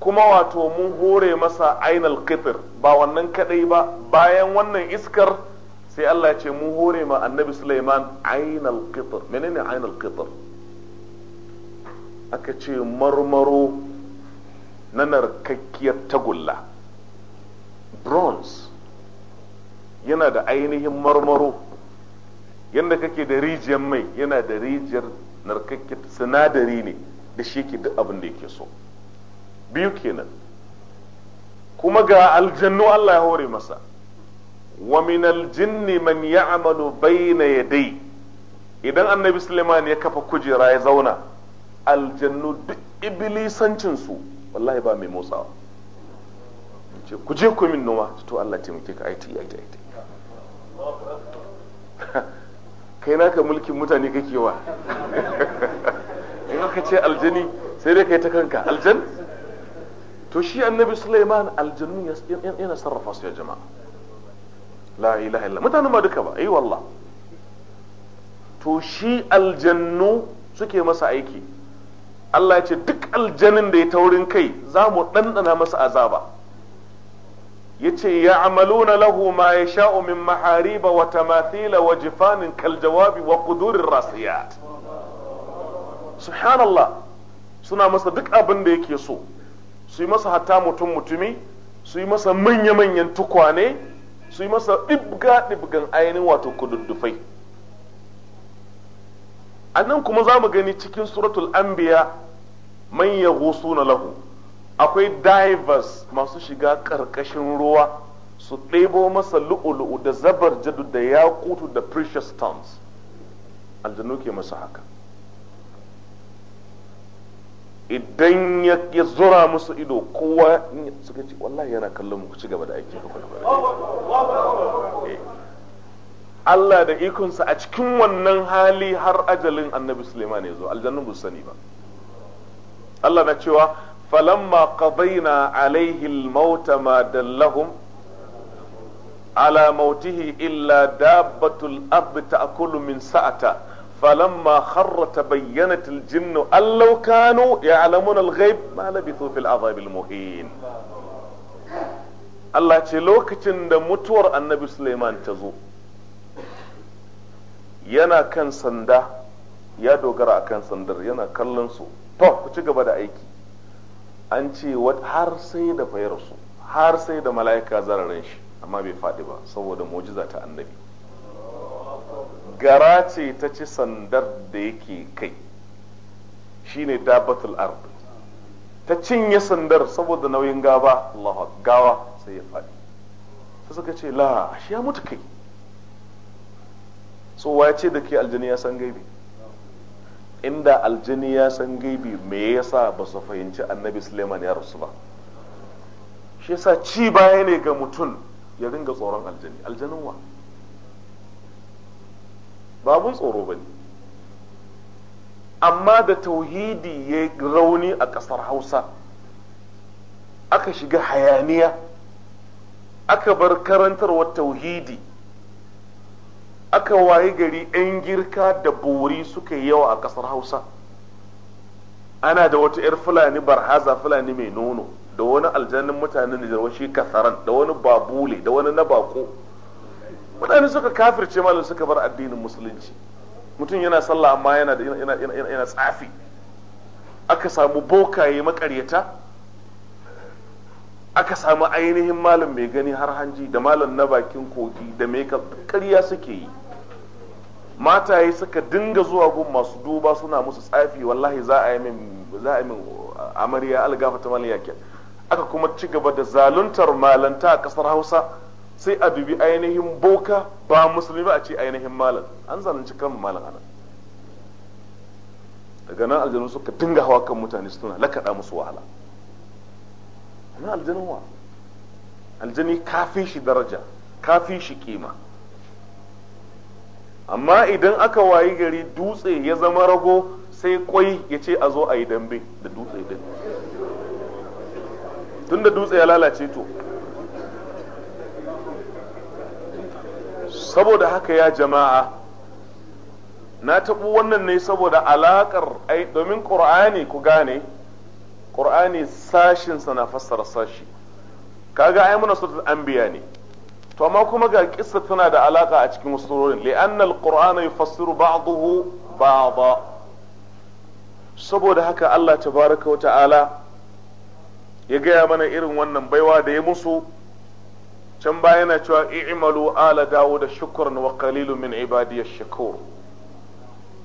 kuma wato mun hore masa ainal qitr ba wannan kadai ba bayan wannan iskar sai Allah ya ce mun hore ma annabi Sulaiman ainal qitr menene ainal qitr aka ce marmaro na narkakkiyar tagulla bronze yana da ainihin marmaro yadda kake da rijiyar mai yana da rijiyar narkakkiyar sinadari ne da shi ke duk abin da yake so biyu kenan kuma ga aljannu Allah ya hore masa wa min aljinni man ya'malu bayna yadai idan annabi Suleiman ya kafa kujera ya zauna aljannu duk iblisancin su wallahi ba mai motsawa ce ku je ku min noma to Allah taimake ka aiti aiti aiti kai naka mulkin mutane kake wa in aka ce aljani sai dai kai ta kanka aljan to shi annabi Suleiman aljanu yana sarrafa su ya jama'a la ilaha illa mutanen ba duka ba eh wallah to shi aljannu suke masa aiki Allah ya ce duk aljanin da ya taurin kai za mu ɗanɗana masa azaba ya ce na lahu ma sha min mahariba wa tamathila wa jifanin kaljawabi wa kudurin rasiyat subhanallah suna masa duk abin da yake so su yi masa hatta mutum mutumi su yi masa manya-manyan tukwane su yi masa ɗibga-ɗibgan ainihin wato kududdufai a nan kuma za mu gani cikin suratul anbiya man ya na lahu akwai divers masu shiga ƙarƙashin ruwa su ɗebo masa lu'ulu'u da zabar jadu da yakutu da precious stones aljanu ke masa haka idan ya zura musu ido kowa suka ce wallahi yana kallon mu ci gaba da aiki da eh. Allah da ikonsa a cikin wannan hali har ajalin annabi Suleiman ya zo aljannu ba sani ba Allah na cewa falamma qadayna alaihi al ma dallahum ala mautihi illa dabbatul ardi ta'kulu min sa'ata فلما خر ta الجن أن Kano كانوا يعلمون الغيب ما لبثوا في العذاب المهين Allah ce lokacin da mutuwar annabi Suleiman ta zo yana kan sanda ya dogara a kan sandar yana kallon su to ku ci gaba da aiki an ce har sai da fayar har sai da mala'ika zararin shi amma bai faɗi ba saboda mujiza ta annabi gara ce ta ci sandar da yake kai shine dabatul ard ta cinye sandar saboda nauyin gaba Allah gawa sai ya faɗi ta suka ce la shi ya mutu kai so ya ce da ke aljini ya san gaibi inda aljini ya san gaibi me yasa ba su fahimci annabi suleiman ya rasu ba shi yasa ci baya ne ga mutum ya ringa tsoron aljini aljinin wa babun tsoro ba ne amma da tauhidi ya rauni a ƙasar hausa aka shiga hayaniya aka bar karantarwar tauhidi aka waye gari 'yan girka da bori suka yi yawa a ƙasar hausa ana da wata 'yar fulani barhaza fulani mai nono da wani aljannin mutanen da shi kasaran da wani babule da wani na bako mutane suka kafirce malam suka bar addinin musulunci mutum yana sallah amma yana da yana tsafi aka samu bokaye makaryata aka samu ainihin malam mai gani har hanji da malam na bakin kogi da mai karya suke yi mataye suka dinga zuwa gun masu duba suna musu tsafi wallahi za a yi min za a yi min amarya algafa ta aka kuma ci gaba da zaluntar malanta a kasar hausa sai a bibi ainihin boka ba musulmi ba a ce ainihin malam an zalunci kan malam anan daga nan aljanu suka dinga hawa kan mutane suna lakaɗa musu wahala na aljanu wa aljani kafin shi daraja kafin shi kima amma idan aka wayi gari dutse ya zama rago sai kwai ya ce a zo a yi dambe da dutse din tunda dutse ya lalace to saboda haka ya jama'a na taɓo wannan ne saboda alaƙar ai domin ƙur'ani ku gane ƙur'ani sashinsa na fassara sashi kaga ai muna suratul anbiya ne to amma kuma ga kissa tana da alaƙa a cikin surorin li'anna al-qur'ana yufassiru ba'dahu ba'dha saboda haka Allah tabaraka wa ta'ala ya gaya mana irin wannan baiwa da ya musu can baya yana cewa i'malu ala dawuda shukran wa qalilun min ibadiyash shakur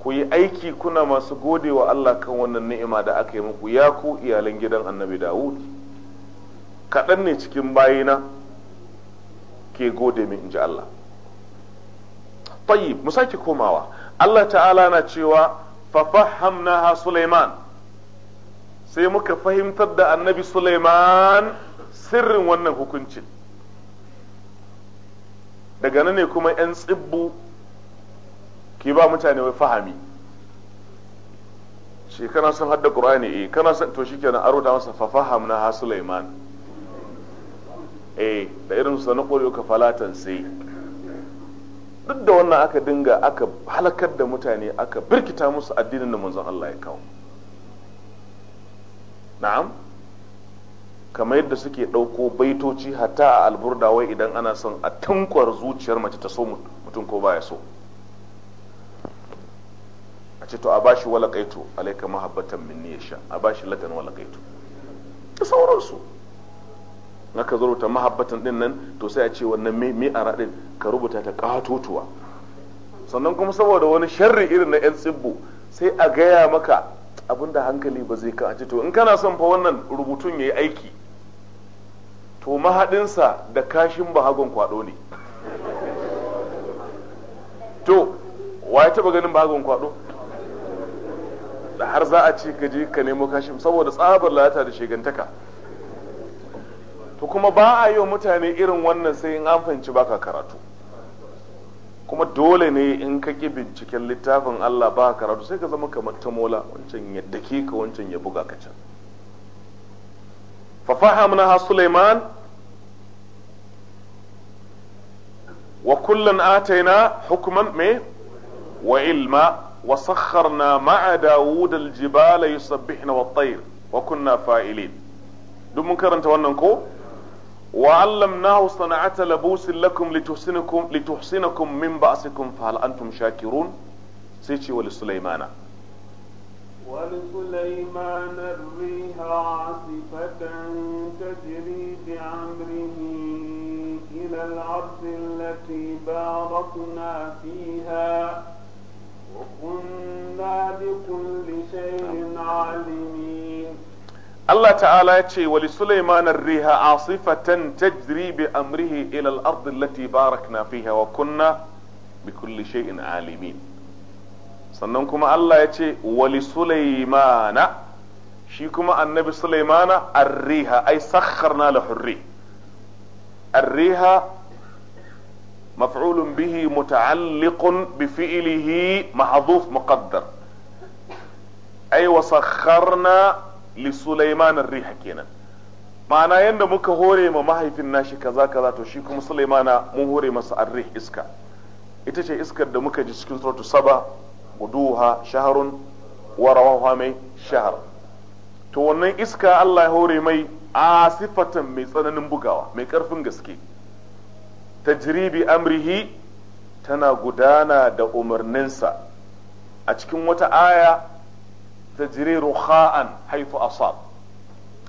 ku yi aiki kuna masu gode wa Allah kan wannan ni'ima da aka yi muku ya ku iyalan gidan annabi dawud kaɗan ne cikin bayina ke gode min inji Allah tayyib mu sake komawa Allah ta'ala na cewa fafahamnaha Sulaiman sai muka fahimtar da annabi Sulaiman sirrin wannan hukuncin daga nan ne kuma 'yan tsibbu ke ba mutane wai fahami shi kana son hadda qur'ani eh kana son to shikenan aro da masa fa fahamna ha sulaiman eh da irin su na ƙoriyo ka falatan sai duk da wannan aka dinga aka halakar da mutane aka birkita musu addinin da manzon Allah ya kawo na'am kamar yadda suke ɗauko baitoci hatta a alburda wai idan ana son a tankwar zuciyar mace ta so mutum ko baya so a ce to a bashi wala kaito alaika mahabbatan minni sha a bashi ladan wala kaito da sauransu naka zo rubuta mahabbatan din nan to sai a ce wannan mai a radin ka rubuta ta katotuwa sannan kuma saboda wani sharri irin na yan tsibbu sai a gaya maka abinda hankali ba zai kan a ce to in kana son fa wannan rubutun ya yi aiki to mahaɗinsa da kashin bahagon kwaɗo ne to wa ya taɓa ganin bahagon kwaɗo da har za a ce ka je ka nemo kashin saboda tsabar lata da shegantaka to kuma ba a yi wa mutane irin wannan sai in an fahimci baka karatu kuma dole ne in ka ƙi binciken littafin Allah ba karatu sai ka zama kamar ta mola wancan ya ke ka wancan ya buga ka can ففهمناها سليمان وكلا آتينا حكما وعلما وسخرنا مع داود الجبال يسبحن والطير وكنا فائلين دم من كرنت وننكو وعلمناه صنعة لبوس لكم لتحسنكم, لتحسنكم من بأسكم فهل أنتم شاكرون سيتي ولسليمان ولسليمان الريح عاصفة تجري بأمره إلى الأرض التي باركنا فيها وكنا بكل شيء عالمين الله تعالى يتشي ولسليمان الريح عاصفة تجري بأمره إلى الأرض التي باركنا فيها وكنا بكل شيء عالمين sannan kuma Allah ya ce wali sulaimana shi kuma annabi sulaimana arriha ai sakharna la hurri arriha maf'ulun bihi muta'alliqun bi fi'lihi mahdhuf muqaddar ai wa sakharna li sulaimana arriha kenan ma'ana yanda muka hore ma mahaifin nashi kaza kaza to shi kuma sulaimana mun hore masa arrih iska ita ce iskar da muka ji cikin suratu saba guduha shaharun wa mai shahar to wannan iska Allah ya hore mai asifatan mai tsananin bugawa mai ƙarfin gaske tajribi amrihi tana gudana da umarninsa a cikin wata aya tajri ruha'an haifu asab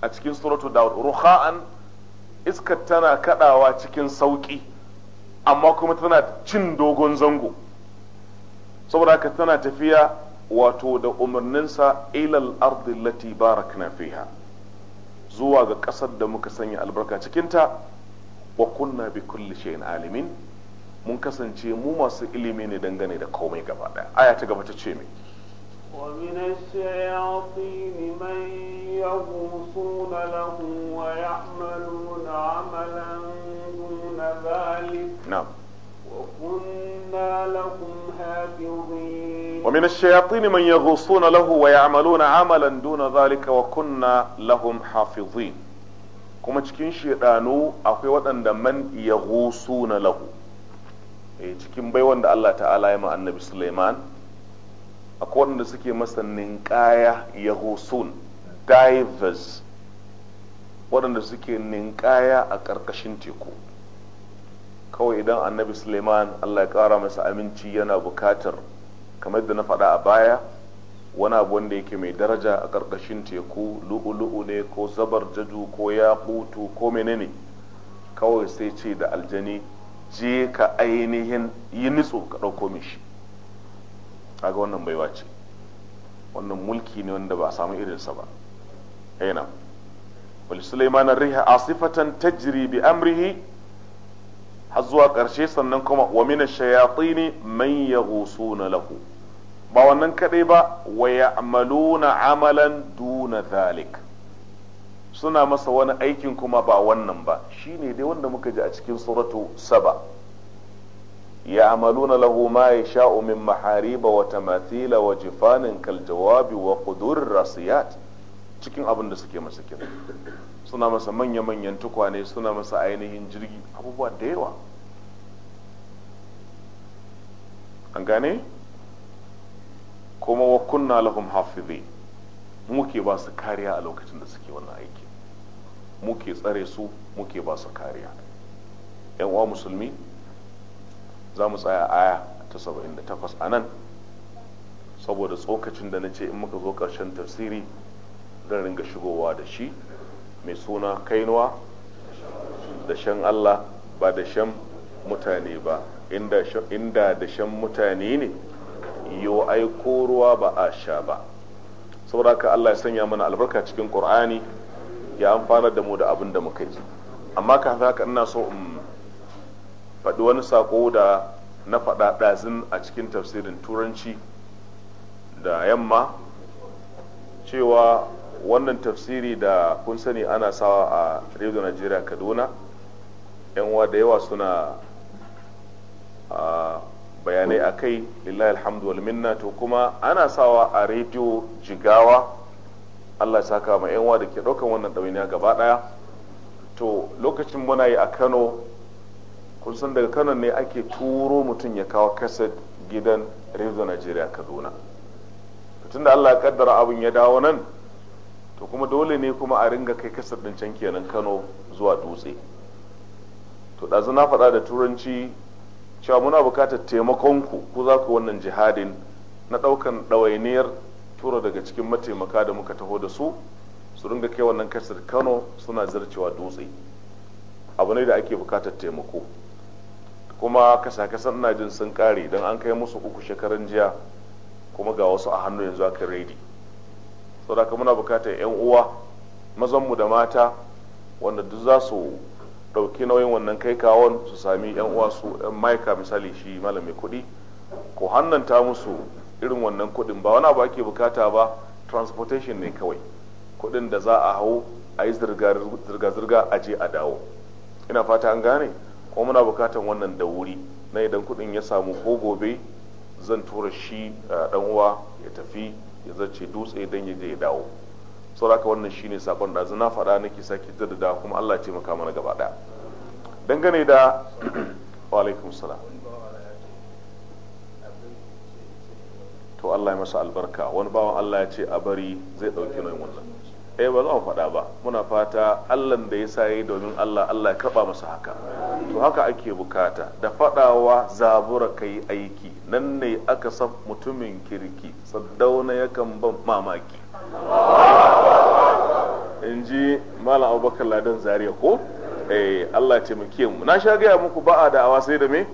a cikin suratul daud ruha'an iskar tana kadawa cikin sauki amma kuma tana cin dogon zango saboda haka tana tafiya wato da umarninsa ilal ardi lati barakna fiha zuwa ga ƙasar da muka sanya albarka cikinta wa kunna bi kulli shay'in alimin mun kasance mu masu ilimi ne dangane da komai gaba daya aya ta gaba ta ce mai ومن الشياطين من يغوصون له ويعملون عملا دون ذلك نعم no. وكنا لكم حافظين ومن الشياطين من يغوصون له ويعملون عملا دون ذلك وكنا لهم kuma cikin shaidanu akwai waɗanda man ya na lahu cikin baiwan da Allah ta'ala ya annabi Suleiman akwai waɗanda suke masa ninkaya ya divers waɗanda suke ninkaya a ƙarƙashin teku kawai idan annabi suleiman allah ya kara masa aminci yana bukatar kamar da na faɗa a baya wani abu wanda yake mai daraja a ƙarƙashin teku lu'ulu'u ne ko zabar jaju ko yakutu ko menene kawai sai ce da aljani je ka ainihin yi nitso ka ɗauko mishi kaga wannan baiwa ce wannan mulki ne wanda ba a samu irinsa ba aina wal Suleiman riha asifatan tajri bi amrihi har zuwa ƙarshe sannan kuma wa min ash-shayatini man yaghusuna lahu ba wannan kadai ba wa ya'maluna amalan duna thalik suna masa wani aikin kuma ba wannan ba shine dai wanda muka ji a cikin suratu saba lahu يعملون له ما يشاء wa jifanin kal jawabi wa wa الراسيات cikin abin da suke masa kenan suna masa manya-manyan tukwane suna masa ainihin jirgi abubuwa da yawa an gane kuma wa kunna lahum hafizi muke ba su kariya a lokacin da suke wannan aiki muke tsare su muke ba su kariya yan uwa musulmi za mu tsaya aya ta 78 a nan saboda tsokacin da na ce in muka zo ƙarshen tafsiri zan ringa shigowa da shi mai suna kainuwa da shan Allah ba da shan mutane ba inda da shan mutane ne wa aiko ruwa ba a sha ba saboda ka Allah ya sanya mana albarka cikin ƙur'ani ya amfana da mu da abin da muka ji amma ka haka ina so in faɗi wani sako da na faɗa ɗazin a cikin tafsirin turanci da yamma cewa wannan tafsiri da kun sani ana sawa a radio Najeriya kaduna yan da yawa suna bayanai a kai lillahi alhamdu minna to kuma ana sawa a rediyo jigawa allah saka ma yan da ke ɗaukan wannan ɗawainiya gaba ɗaya to lokacin muna yi a kano kun san daga kano ne ake turo mutum ya kawo kaset gidan radio Najeriya kaduna tun da allah ya kaddara abin ya dawo nan to kuma dole ne kuma a ringa kai kasar din can kenan kano zuwa dutse to ɗazu na faɗa da turanci cewa muna buƙatar taimakon ku za ku wannan jihadin na ɗaukan ɗawainiyar tura daga cikin mataimaka da muka taho da su su ringa kai wannan kasar kano suna zarcewa dutse abu ne da ake buƙatar taimako kuma kasa kasa ina jin sun ƙare don an kai musu uku shekaran jiya kuma ga wasu a hannu yanzu aka rediyo saboda muna bukatar yan uwa mazanmu da mata wanda duk za su ɗauki nauyin wannan kai kawon su sami yan uwa su yan maika misali shi malamai kudi kuɗi ko hannanta musu irin wannan kuɗin ba wani abu ake bukata ba transportation ne kawai kuɗin da za a hau a yi zirga-zirga a je a dawo ina fata an gane kuma muna bukatan wannan da wuri na idan kuɗin ya samu ko gobe zan tura shi a eh, dan uwa ya tafi ya zace dutse dan ya je ya dawo sauraka wannan shine sakon da na faɗa nake sake jaddada kuma Allah ya taimaka mana gaba ɗaya dangane da wa alaikum salam to Allah ya masa albarka wani bawan Allah ya ce a bari zai ɗauki nauyin wannan eh ba za mu faɗa ba muna fata allah da ya sayi domin allah allah ya karɓa masa haka to haka ake bukata da faɗawa zabura kai aiki nan ne aka san mutumin kirki saddauna yakan ban mamaki in ji malam abubakar ladan zaria ko eh allah ce muke mu na sha gaya muku ba a da'awa sai da me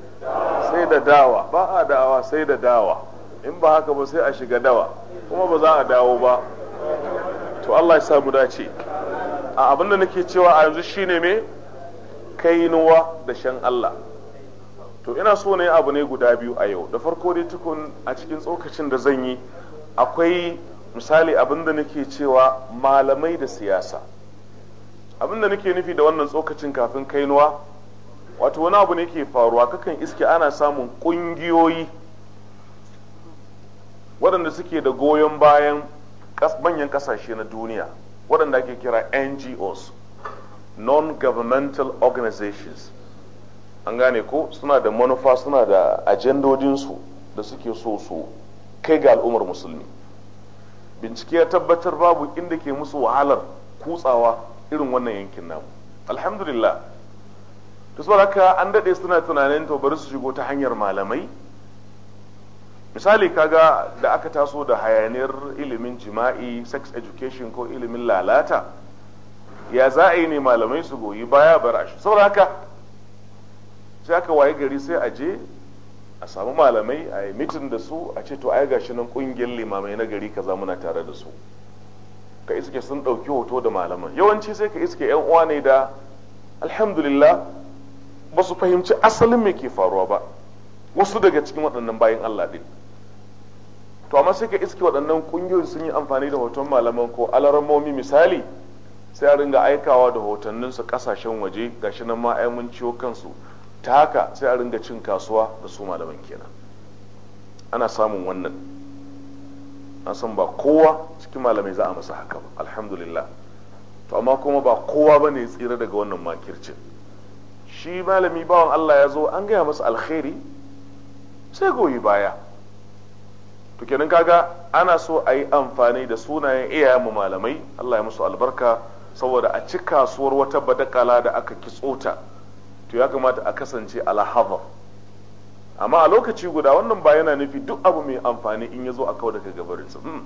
sai da dawa ba a da'awa sai da dawa in ba haka ba sai a shiga dawa kuma ba za a dawo ba to Allah ya samu dace a abin da nake cewa a yanzu shine me kainuwa da shan Allah to ina so ne abu ne guda biyu a yau da farko dai tukun a cikin tsokacin da zan yi akwai misali abin da nake cewa malamai da siyasa abin da nake nufi da wannan tsokacin kafin kainuwa wato wani abu ne ke faruwa kakan iske ana samun ƙungiyoyi waɗanda suke da goyon bayan manyan ƙasashe na duniya waɗanda ake kira ngos non-governmental organizations an gane ko suna da manufa suna da ajandodinsu da suke so su kai ga al'ummar musulmi bincike ya tabbatar babu inda ke musu wahalar kutsawa irin wannan yankin namu alhamdulillah to saboda haka an daɗe suna tunanin to bari su shigo ta hanyar malamai misali kaga da aka taso da hayaniyar ilimin jima'i sex education ko ilimin lalata ya za a yi ne malamai su goyi baya bar shi saboda haka sai aka waye gari sai a je a samu malamai a yi mitin da su a ce to ai gashi nan kungiyar limamai na gari kaza muna tare da su ka iske sun ɗauki hoto da malaman yawanci sai ka iske yan uwa ne da alhamdulillah ba su fahimci asalin me ke faruwa ba wasu daga cikin waɗannan bayan Allah din to amma sai ka iske waɗannan ƙungiyoyin sun yi amfani da hoton malaman ko alarmomi misali sai a ringa aikawa da hotonninsu ƙasashen waje gashi nan ma ai mun ciwo kansu ta haka sai a ringa cin kasuwa da su malaman kenan ana samun wannan an san ba kowa cikin malamai za a masa haka ba alhamdulillah to amma kuma ba kowa ba ne tsira daga wannan makircin shi malami bawan Allah ya zo an gaya masa alkhairi sai goyi baya to kenan kaga ana so a yi amfani da sunayen mu malamai Allah ya musu albarka saboda a ci kasuwar wata badakala da aka kitsota to ya kamata a kasance alhazar amma a lokaci guda wannan ba yana nufi duk abu mai amfani in ya zo a kawo daga gabarinsa hmm.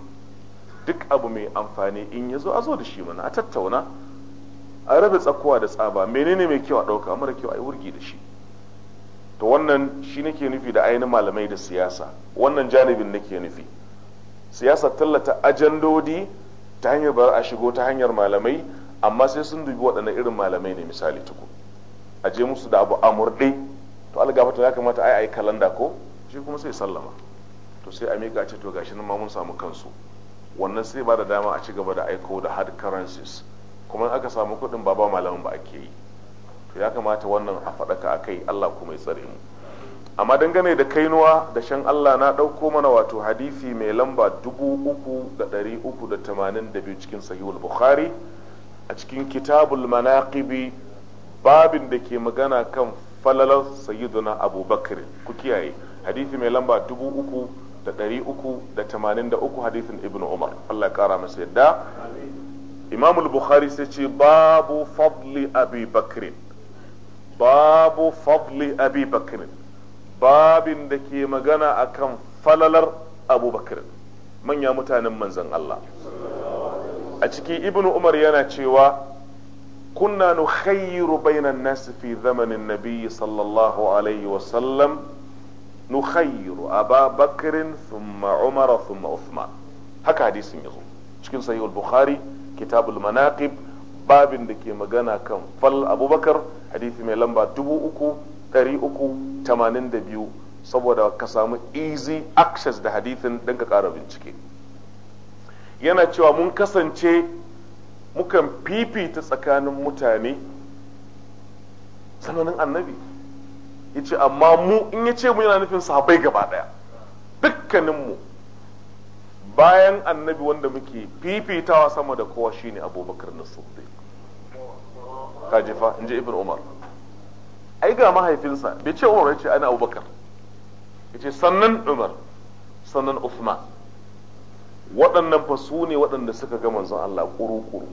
duk abu mai amfani in ya a zo da shi mana a tattauna a rabe tsakuwa da tsaba menene mai kyau a ɗauka mara kyau a yi wurgi da shi to wannan shi nake nufi da ainihin malamai da siyasa wannan janibin nake nufi siyasa tallata ajandodi ta hanyar bar a shigo ta hanyar malamai amma sai sun dubi waɗannan irin malamai ne misali tuku a je musu da abu a murɗe to algafata ya kamata a yi kalanda ko shi kuma sai sallama to sai a miƙa ce to gashi nan ma mun samu kansu wannan sai ba da dama a ci gaba da aiko da hard currencies kuma in aka samu kuɗin ba ba malamin ba ake yi ya kamata wannan a faɗaka a kai Allah kuma ya tsare mu amma dangane da kainuwa da shan Allah na ɗauko mana wato hadisi mai lamba biyu cikin sahihul bukhari a cikin kitabul manaqibi babin da ke magana kan falalar sayyiduna abubakar ku kiyaye hadisi mai lamba uku hadisin ibn umar Allah ƙara masa yadda imamul bukhari sai ce babu fadli abi bakrin babu fadli abi bakr babin da ke magana akan falalar abubakar manya mutanen manzan Allah a ciki ibnu umar yana cewa kunna nukhayyiru bainan nasi fi zamanin nabiyyi sallallahu alaihi wasallam nukhayyiru aba bakirin thumma umara thumma uthman haka hadisin yazo cikin sahihul bukhari kitabul manaqib babin da ke magana kan fal abubakar hadisi mai lamba dubu uku ɗari uku tamanin da biyu saboda ka samu easy access da hadithin don ka ƙara bincike yana cewa mun kasance mukan fifita tsakanin mutane tsananin annabi ya ce amma mu in ya ce mu yana nufin sahabai gaba ɗaya dukkaninmu bayan annabi wanda muke fifitawa sama da kowa shine abubakar na kaji fa in ji ibn umar ai ga mahaifinsa bai ce umar ya ce ana abubakar ya ce sannan umar sannan uthman waɗannan fa su ne waɗanda suka ga manzon Allah ƙuru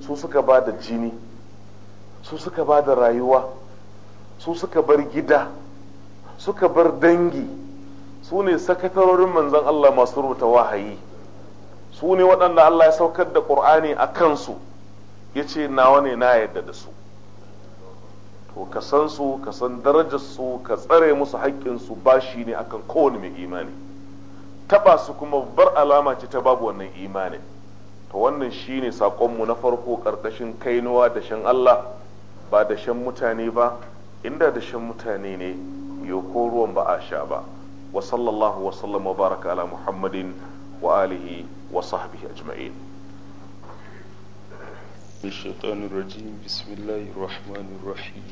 su suka ba da jini su suka ba da rayuwa su suka bar gida suka bar dangi su ne sakatarorin manzon Allah masu rubuta wahayi su ne waɗanda Allah ya saukar da ƙur'ani a kansu ya ce nawa ne na yadda da su to ka san su ka san darajar su ka tsare musu haƙƙinsu ba shi ne akan kowane mai imani taɓa su kuma bar alama ce ta babu wannan imanin to wannan shi ne saƙonmu na farko ƙarƙashin kainuwa da shan Allah ba da shan mutane ba inda da shan mutane ne yoko ko ruwan ba a sha ba wa sallallahu wa baraka ala muhammadin wa alihi wa sahbihi ajma'in الشيطان الرجيم بسم الله الرحمن الرحيم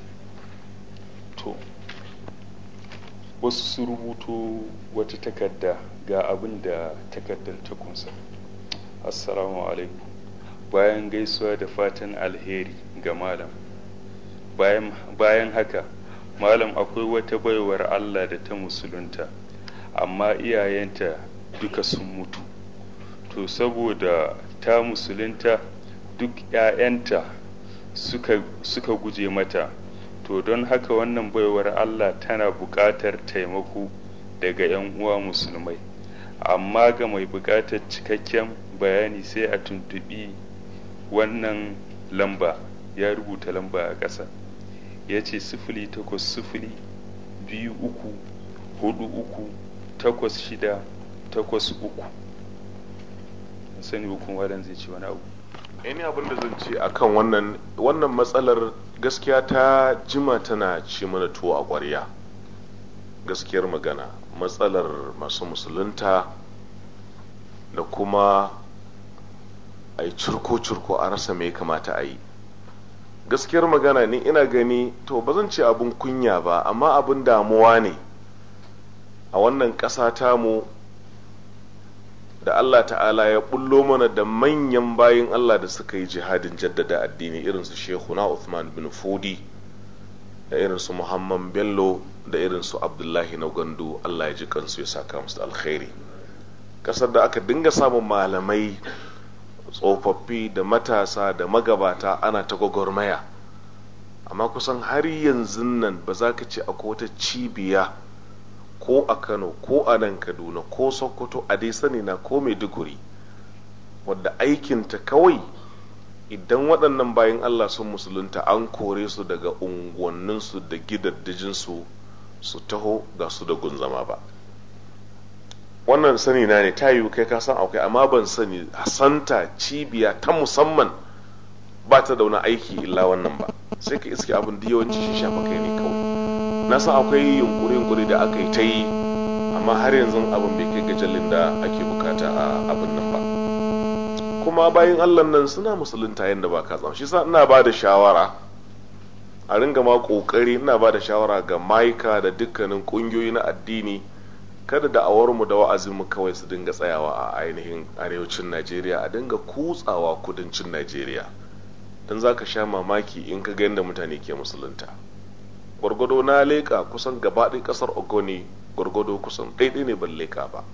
wasu su rubuto wata takarda ga abin da takardar ta kunsa assalamu alaikum bayan gaisuwa da fatan alheri ga malam bayan haka malam akwai wata baiwar allah da ta musulunta amma iyayenta duka sun mutu to saboda ta musulunta duk ‘ya'yanta suka, guje mata to don haka wannan baiwar Allah tana buƙatar taimako daga ‘yan uwa musulmai amma ga mai buƙatar cikakken bayani sai a tuntuɓi wannan lamba ya rubuta lamba a ƙasa ya ce sifili takwas sifili biyu uku hudu uku takwas shida takwas uku sani hukun zai ci wani abu Ini abin da zan ce akan wannan wannan matsalar gaskiya ta jima tana ci mana tuwo a ƙwarya gaskiyar magana matsalar masu musulunta da kuma a yi curko-curko a rasa mai kamata a yi gaskiyar magana ni ina gani to ba zan ce abin kunya ba amma abin damuwa ne a wannan ƙasa tamu da Allah ta'ala ya bullo mana da manyan bayin Allah da suka yi jihadin jaddada addini irin su na Uthman bin Fudi, da irin Muhammad Bello da irinsu Abdullahi na Gandu Allah ya ji kansu ya saka musu alkhairi kasar da aka dinga samun malamai tsofaffi da matasa da magabata ana ta gwagwarmaya amma kusan har yanzu nan ba za ka ce akwai wata cibiya ko a kano ko a nan kaduna ko sokoto a dai sani na ko maiduguri wadda aikinta kawai idan waɗannan bayan allah sun musulunta an kore su daga unguwanninsu da gidaddajinsu su taho ga su da gunzama ba wannan sani na ne ta yiwu kai ka san akwai amma ban sani hasanta cibiya ta musamman ba ta da wani aiki illa wannan ba sai ka iske abin da yawanci shi shafa kai ne kawai na san akwai yunkuri yunkuri da aka yi ta yi amma har yanzu abin bai kai gajallin da ake bukata a abin nan ba kuma bayan allah nan suna musulunta yadda ba ka zama shi sa ina ba da shawara a ringa ma kokari ina ba da shawara ga maika da dukkanin kungiyoyi na addini kada da awarmu da wa'azinmu kawai su dinga tsayawa a ainihin arewacin najeriya a dinga kutsawa kudancin najeriya dan za ka sha mamaki in ka ga yadda mutane ke musulunta gwargwado na leƙa kusan gabaɗin ƙasar ogoni gwargwado kusan ɗaiɗai ne ban leƙa ba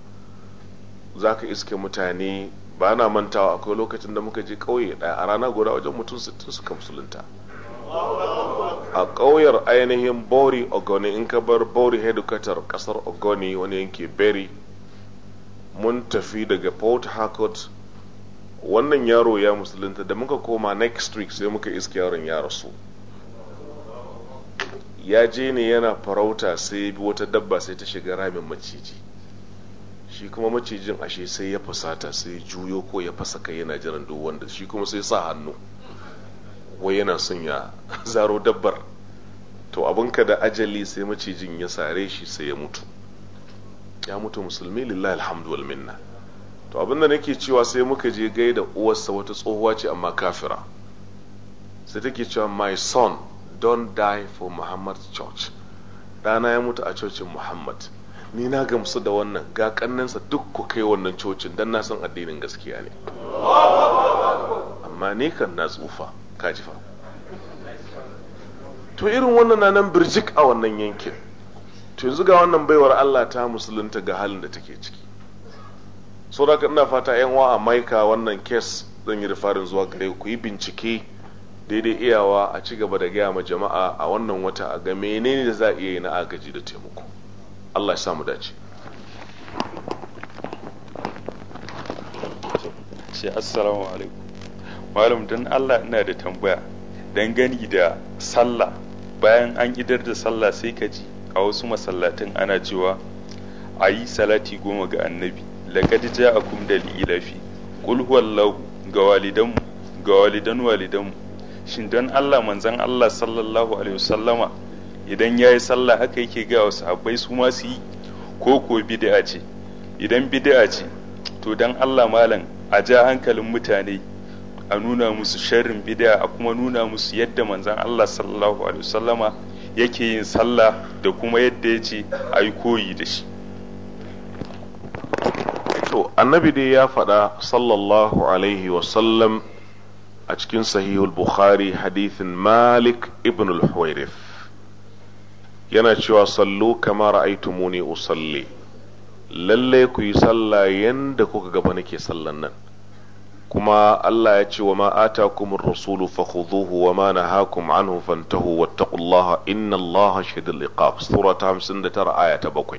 za ka iske mutane ba na mantawa akwai lokacin da muka je ƙauye ɗaya a rana guda wajen mutum sittin suka musulunta a ƙauyar ainihin bori ogoni in ka bar bori hedikwatar ƙasar ogoni wani yanke beri mun tafi daga port harcourt wannan yaro ya musulunta da muka koma next week sai muka iske yaron ya rasu ya je ne yana farauta sai bi wata dabba sai ta shiga ramin maciji shi kuma macijin ashe sai ya fusata sai juyo ko ya fasa kai yana jiran duk wanda shi kuma sai sa hannu wai yana son ya zaro dabbar to abin ka da ajali sai macijin ya sare shi sai ya mutu ya mutu musulmi lillahi alhamdu to abinda nake cewa sai muka je gai da uwarsa wata tsohuwa ce amma kafira sai take cewa my son don't die for muhammad church dana ya mutu a cocin muhammad ni na gamsu da wannan ga kannansa duk ku kai wannan cocin dan na san addinin gaskiya ne amma ni kan na tsufa ka ji fa to irin wannan na nan birjik a wannan yankin to yanzu ga wannan baiwar Allah ta musulunta ga halin da take ciki da ina fata yan wa a maika wannan kes zan yi rifarin zuwa gare ku yi bincike daidai iyawa a ci gaba da gaya ma jama'a a wannan wata a ga menene da za a iya yi na agaji da taimako Allah ya samu dace sai assalamu malam don Allah ina da tambaya gani da sallah bayan an idar da sallah sai ka ji a wasu masallatan ana cewa a yi salati goma ga annabi laqad a dalilafi qul huwallahu ga walidanmu ga walidan walidanmu shin don Allah (manzan Allah sallallahu alaihi wasallama idan yayi sallah haka yake ga wasu sahabbai su ma su yi ko ko bid'a ce idan bid'a ce to don Allah malam a ja hankalin mutane a nuna musu sharrin bid'a a kuma nuna musu yadda manzon Allah sallallahu alaihi wasallama yake yin sallah da kuma yadda ya ce a yi koyi da shi to annabi dai ya faɗa sallallahu alaihi wasallam a cikin sahihul bukhari hadithin malik ibn al-huwairif yana cewa sallu kama ra'aytumuni usalli lalle ku yi sallah yanda kuka gaba nake sallan nan kuma Allah ya ce wa ma atakumur rasulu fakhudhuhu wa ma nahakum anhu fantahu wattaqullaha innallaha shadidul iqab sura 59 aya ta 7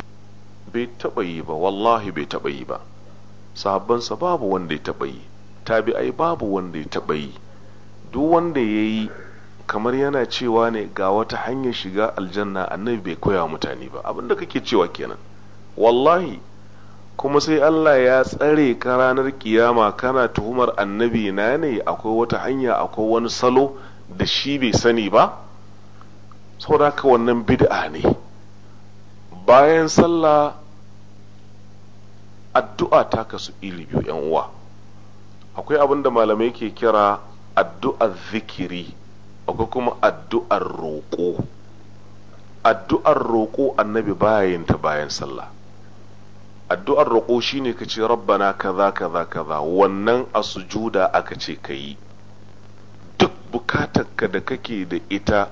bai taɓa yi ba wallahi bai taɓa yi ba sahabbansa babu wanda ya taɓa yi tabi'ai babu wanda ya taɓa yi duk wanda ya yi kamar yana cewa ne ga wata hanyar shiga aljanna annabi bai koya mutane ba abinda kake cewa kenan wallahi kuma sai Allah ya tsare ka ranar kiyama kana tuhumar annabi na ne akwai wata hanya akwai wani salo da shi bai sani ba saboda haka wannan bid'a ne bayan sallah addu'a ta kasu iri biyu yan uwa akwai abin da malamai ke kira addu'ar zikiri akwai kuma addu'ar roƙo addu'ar roƙo annabi bayan ta bayan sallah addu'ar roƙo shine ka ce rabbana kaza kaza kaza wannan a sujuda aka ce ka yi duk bukatarka da kake da ita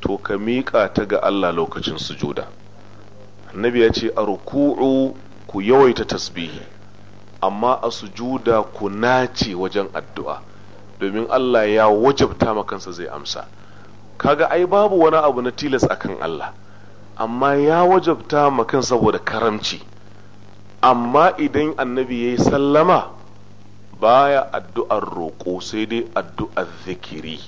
to ka miƙa ta ga Allah lokacin sujuda annabi ya ce a ruku'u ku yawaita tasbihi amma a sujuda ku nace wajen addu'a domin Allah ya wajabta makansa zai amsa kaga ai babu wani abu na tilas akan Allah amma ya wajabta makan saboda karamci amma idan annabi ya yi sallama baya addu'ar roƙo sai dai addu'ar zikiri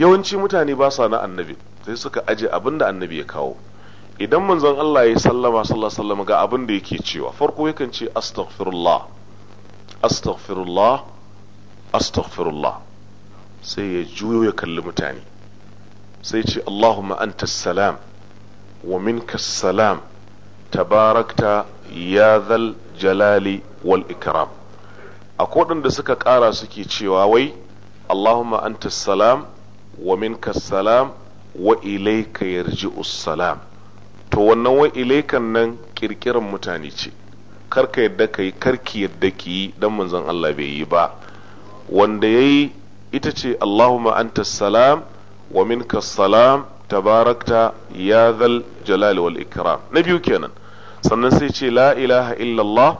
yawanci mutane ba sa na annabi sai suka aje abin da annabi ya kawo idan manzon Allah ya sallama sallallahu alaihi ga abin da yake cewa farko yakan ce astaghfirullah astaghfirullah astaghfirullah sai ya juyo ya kalli mutane sai ce Allahumma anta salam wa minka salam tabarakta ya zal jalali wal ikram akwai da suka ƙara suke cewa wai Allahumma anta salam wa minka salam wa ilayka yarji'us salam to wannan wai ilaikan nan kirkiran mutane ce karka yadda ka yi karki yadda ki yi dan manzon Allah bai yi ba wanda ya yi ita ce Allahumma anta salam wa minka salam tabarakta ya zal jalal wal ikram na biyu kenan sannan sai ce la ilaha illallah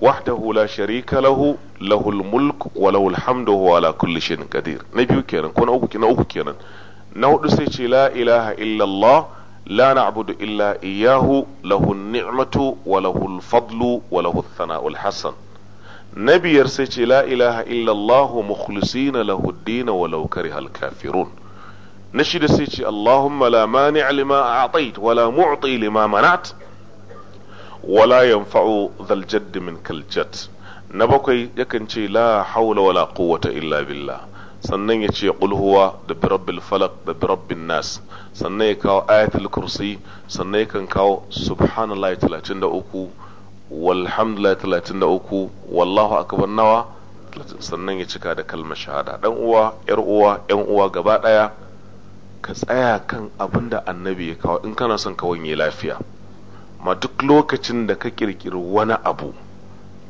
wahdahu la sharika lahu lahul mulk wa lahul hamdu ala kulli shay'in qadir na biyu kenan ko na uku kenan na hudu sai ce la ilaha illallah لا نعبد الا اياه له النعمه وله الفضل وله الثناء الحسن نبي يرسيتي لا اله الا الله مخلصين له الدين ولو كره الكافرون نشد سيتي اللهم لا مانع لما اعطيت ولا معطي لما منعت ولا ينفع ذا الجد منك الجد نبكي يكن لا حول ولا قوه الا بالله sannan ya ce qul huwa da birabbil falak da birabbin nas sannan ya kawo ayatul kursi sannan yakan kawo subhanallahi ya walhamdulillahi uku wallahu akbar nawa sannan ya cika da kalmar shahada dan uwa yar uwa yan uwa gaba daya ka tsaya kan abin da annabi ya kawo in kana son ka wanye lafiya ma duk lokacin da ka kirkiri wani abu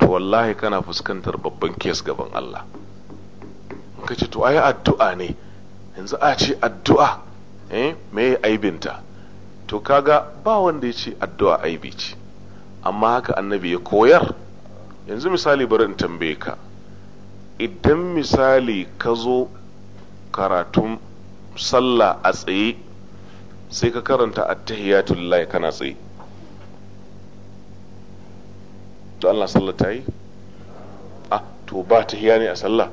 to wallahi kana fuskantar babban kes gaban Allah ka ce to ai addu'a ne yanzu a ce addu'a eh me aibinta to kaga ba wanda ya ce addu'a aibi ce amma haka annabi ya koyar yanzu misali bari in tambaye ka idan misali ka zo karatun sallah a tsaye sai ka karanta attahiyatullahi kana tsaye to Allah sallah ta yi A ah, to ba tahiya ne a sallah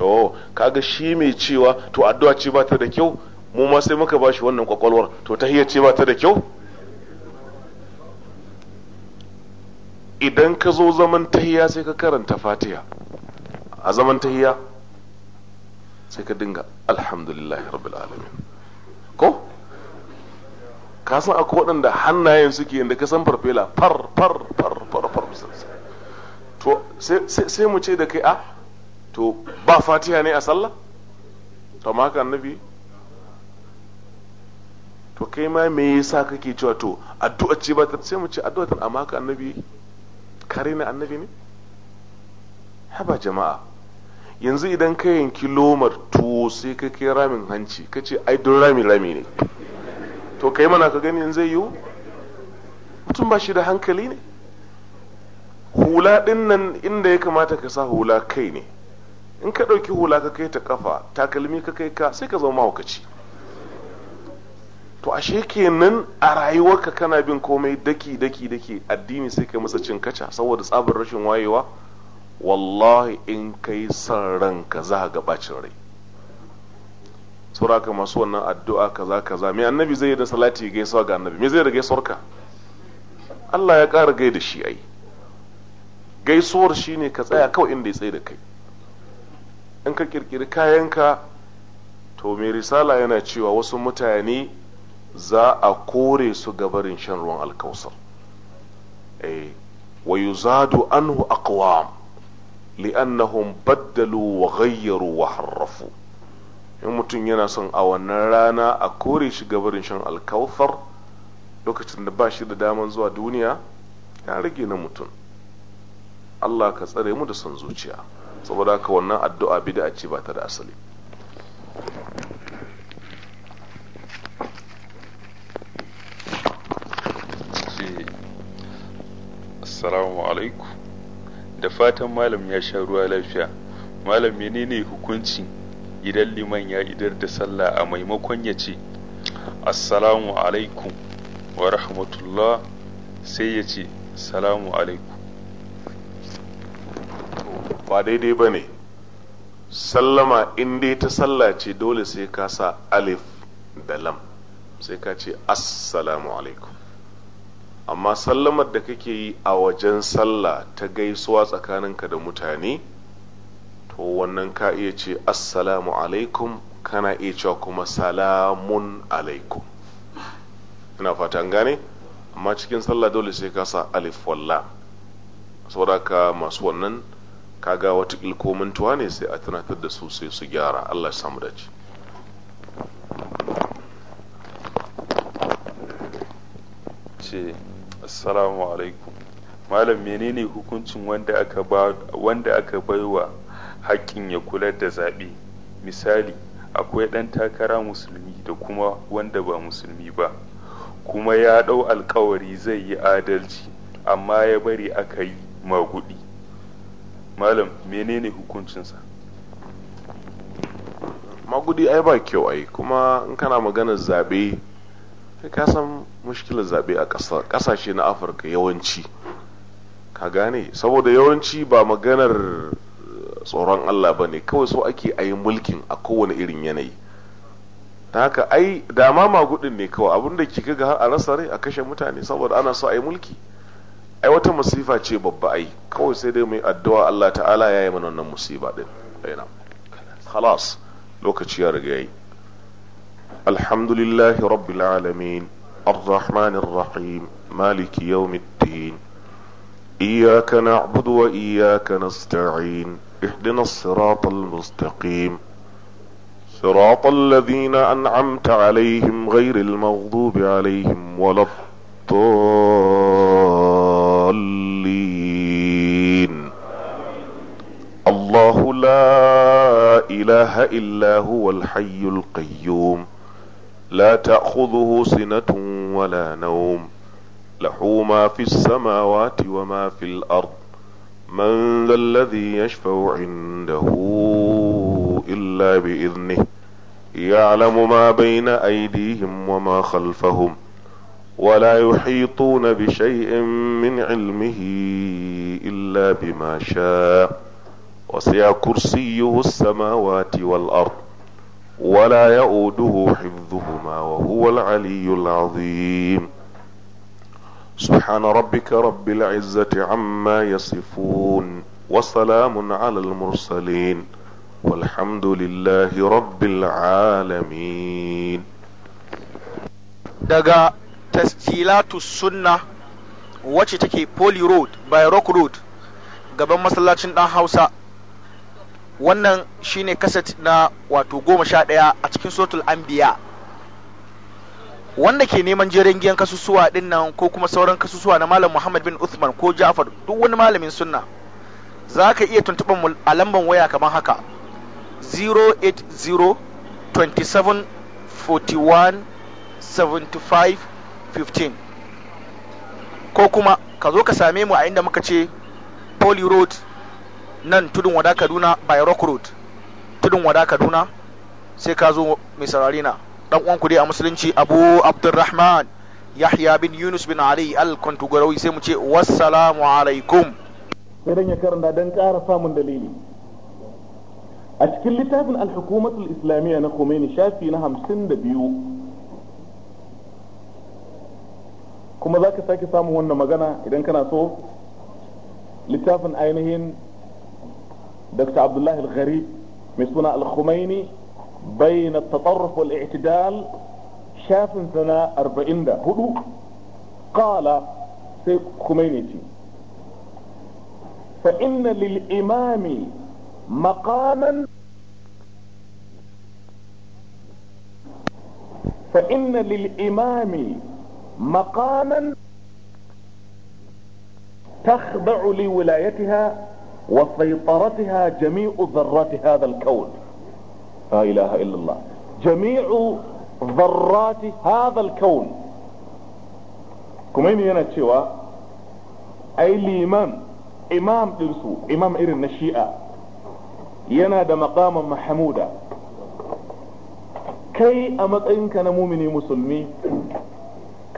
to kaga shi mai cewa to addu'a ce ba ta da kyau mu ma sai muka bashi wannan kwakwalwar to tahiyya ce ba ta da kyau idan ka zo zaman tahiya sai ka karanta fatiha a zaman tahiya sai ka dinga alhamdulillah rabbil alamin ko ka san akwai waɗanda hannayen suke inda ka san farfela far far far far far to sai mu ce da kai a ah, to ba fatiha ne a sallah to ma haka annabi to kai ma me yasa kake cewa to addu'a ce ba sai mu ce addu'a amma haka annabi kare ne annabi ne haba jama'a yanzu idan ka yanki lomar tuwo sai ka kai ramin hanci ka ce ai don rami rami ne to kai mana ka gani zai yiwu mutum ba shi da hankali ne hula ɗin nan inda ya kamata ka sa hula kai ne in ka ɗauki hula ka kai ta ƙafa, takalmi ka kai ka sai ka zama mahaukaci to ashe kenan a rayuwarka kana bin komai daki daki daki addini sai kai masa cin kaca saboda tsabar rashin wayewa wallahi in kai son ranka za ka ga bacin rai suraka masu wannan addu'a kaza kaza me annabi zai yi da salati gaisuwa ga annabi me zai da gaisuwar ka Allah ya ƙara gai da shi ai gaisuwar shine ka tsaya kawai inda ya tsaye da kai in ka kirkiri kayanka to mai risala yana cewa wasu mutane za a kore su gabarin shan ruwan alkausar eh, wa yuzadu anhu aqwam li'annahum baddalu wa ghayyaru wa harrafu in mutum yana son a wannan rana a kore shi gabarin shan alkausar lokacin da ba shi da daman zuwa duniya ya rage na mutum Allah ka tsare mu da son zuciya saboda haka wannan addu'a bid'a ce ba ta da asali assalamu alaikum da fatan malam ya sha ruwa lafiya malam menene hukunci idan liman ya idar da sallah a maimakon ya ce assalamu alaikum wa rahmatullah sai ya ce salamu alaikum ba daidai ba ne sallama in dai ta sallah ce dole sai ka sa alif da lam sai ka ce assalamu alaikum amma sallamar da kake yi a wajen sallah ta gaisuwa tsakaninka da mutane to wannan ka iya ce assalamu alaikum kana iya cewa kuma salamun alaikum ina fatan gane amma cikin sallah dole sai ka sa alif wallah saboda ka masu wannan kaga wata ilkomantuwa ne sai a tunatar da su sai su gyara Allah samu dace ce assalamu alaikum malam menene hukuncin wanda aka baiwa haƙƙin ya kula da zaɓe misali akwai ɗan takara musulmi da kuma wanda ba musulmi ba kuma ya ɗau alkawari zai yi adalci amma ya bari aka yi magudi malam menene hukuncinsa magudi ai ba kyau ai kuma in kana maganar zaɓe ka san mushkilar zaɓe a ƙasashe na afirka yawanci ka gane saboda yawanci ba maganar eh, tsoron allah ba ne kawai so ake ayi mulkin a kowane irin yanayi ta haka ai dama magudin ne kawai abinda ke ga har a rasa rai a kashe mutane saboda ana so a yi mulki ai wata musifa ce babba ai kawai sai dai mai addu'a Allah ta'ala ya yi mana wannan musiba din aina khalas lokaci ya riga yi alhamdulillahi rabbil alamin arrahmanir rahim maliki yawmiddin iyyaka na'budu wa iyyaka nasta'in ihdinas siratal mustaqim صراط الذين أنعمت عليهم غير المغضوب عليهم ولا الضالين المصلين الله لا اله الا هو الحي القيوم لا تاخذه سنه ولا نوم له ما في السماوات وما في الارض من ذا الذي يشفع عنده الا باذنه يعلم ما بين ايديهم وما خلفهم ولا يحيطون بشيء من علمه الا بما شاء وسع كرسيه السماوات والارض ولا يؤوده حفظهما وهو العلي العظيم سبحان ربك رب العزه عما يصفون وسلام على المرسلين والحمد لله رب العالمين tasjilatu sunna wacce take poly road by rock road gaban masallacin dan hausa wannan shine kaset na wato goma sha ɗaya a cikin sotul anbiya wanda ke neman jerin giyan kasusuwa din nan ko kuma sauran kasusuwa na malam muhammad bin uthman ko ja'far duk wani malamin sunna za ka iya tuntuɓar mu a lambar waya kamar haka 080 27 41 75 15 ko kuma ka zo ka same mu a inda muka ce poly road nan tudun wada kaduna by rock road tudun wada kaduna sai ka zo mai saurari na dan uwan dai a musulunci abu abdurrahman yahya bin yunus bin ali al-kontugarawi sai mu ce wassalamu alaikum sai ya karanta don ƙara samun dalili a cikin littafin al-hukumatul islamiyya na komeni shafi na hamsin da biyu. kuma za ka sake samun wannan magana idan kana so littafin ainihin dr abdullahi al ghari mai suna al-khumaini bai na tatarruf wal i'tidal shafin sana 44 kala sai khumaini ce fa inna lil imami maqaman fa inna lil imami مقاما تخضع لولايتها وسيطرتها جميع ذرات هذا الكون لا اله الا الله جميع ذرات هذا الكون كمين هنا تشوى اي الامام امام درسو امام ارن نشيئة ينادى مقاما محمودا كي امت انك نمومني مسلمي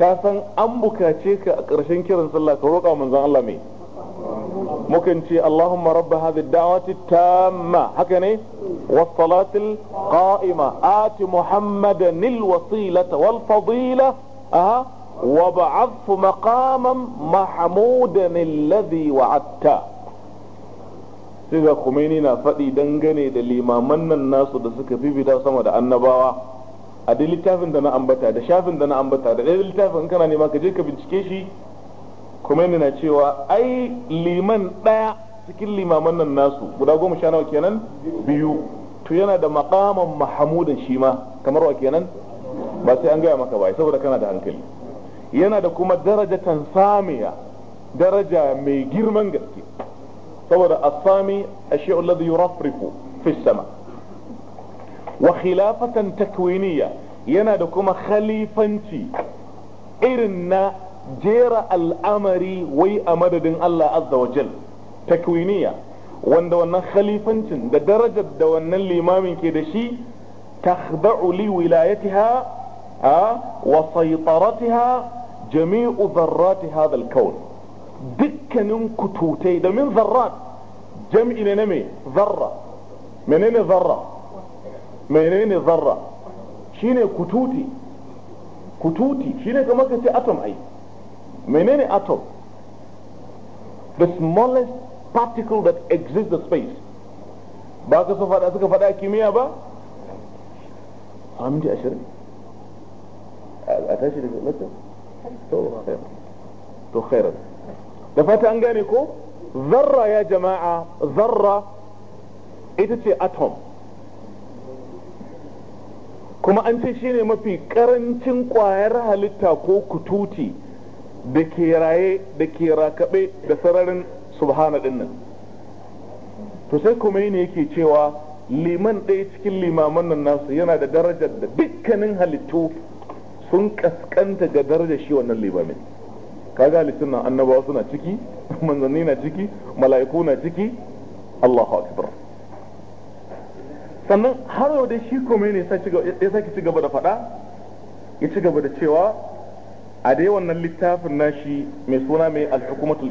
ka san an bukace ka a ƙarshen kiran sallah ka roƙa manzon Allah mai mukan ce Allahumma rabba hadhihi da'wati tamma haka ne was salatil qa'ima ati muhammadan al wasilata wal fadila aha wa ba'athu maqaman mahmudan alladhi wa'adta sai ga Khomeini na faɗi dangane da limaman nan nasu da suka bibita sama da annabawa a da littafin da na ambata da shafin da na ambata da ɗaya littafin in kana nema ka je ka bincike shi kuma yana cewa ai liman ɗaya cikin limaman nan nasu guda goma sha nawa kenan biyu to yana da maqaman mahamudan shi ma kamar wa kenan ba sai an gaya maka ba saboda kana da hankali yana da kuma darajatan samiya daraja mai girman gaske saboda asami ashiyu alladhi yurafrifu fi sama' wa khilafatan takwiniya yana da kuma khalifanci irin na jera al'amari wai a madadin Allah azza wa jal takwiniya wanda wannan khalifancin da darajar da wannan limamin ke da shi takhda'u li wilayatiha wa saytaratiha jami'u dharrati hadha al-kawn dukkanin kututai da min zarrat jam'i ne na me zarra menene zarra menene zarra shine kututi kututi shine kamar ka ce atom ai menene atom the smallest particle that exists the space ba ka so faɗa suka faɗa kimiyya ba a minti ashirin a tashi daga lantar to khairar da fata an gane ko zarra ya jama'a zarra ita ce atom kuma an ce shi ne mafi karancin kwayar halitta ko kututi da ke raye da ke rakabe da sararin subhana dinnan to sai kuma yi ne yake cewa liman ɗaya cikin limaman nan nasu yana da darajar da dukkanin halittu sun kaskanta ga darajar shi wannan limamin kaga halittun nan annabawa suna ciki manzanni na ciki mala'iku na ciki Allahu akbar sannan har yau dai shi kome ne ya sake ci gaba da faɗa ya da cewa a dai wannan littafin nashi mai suna mai al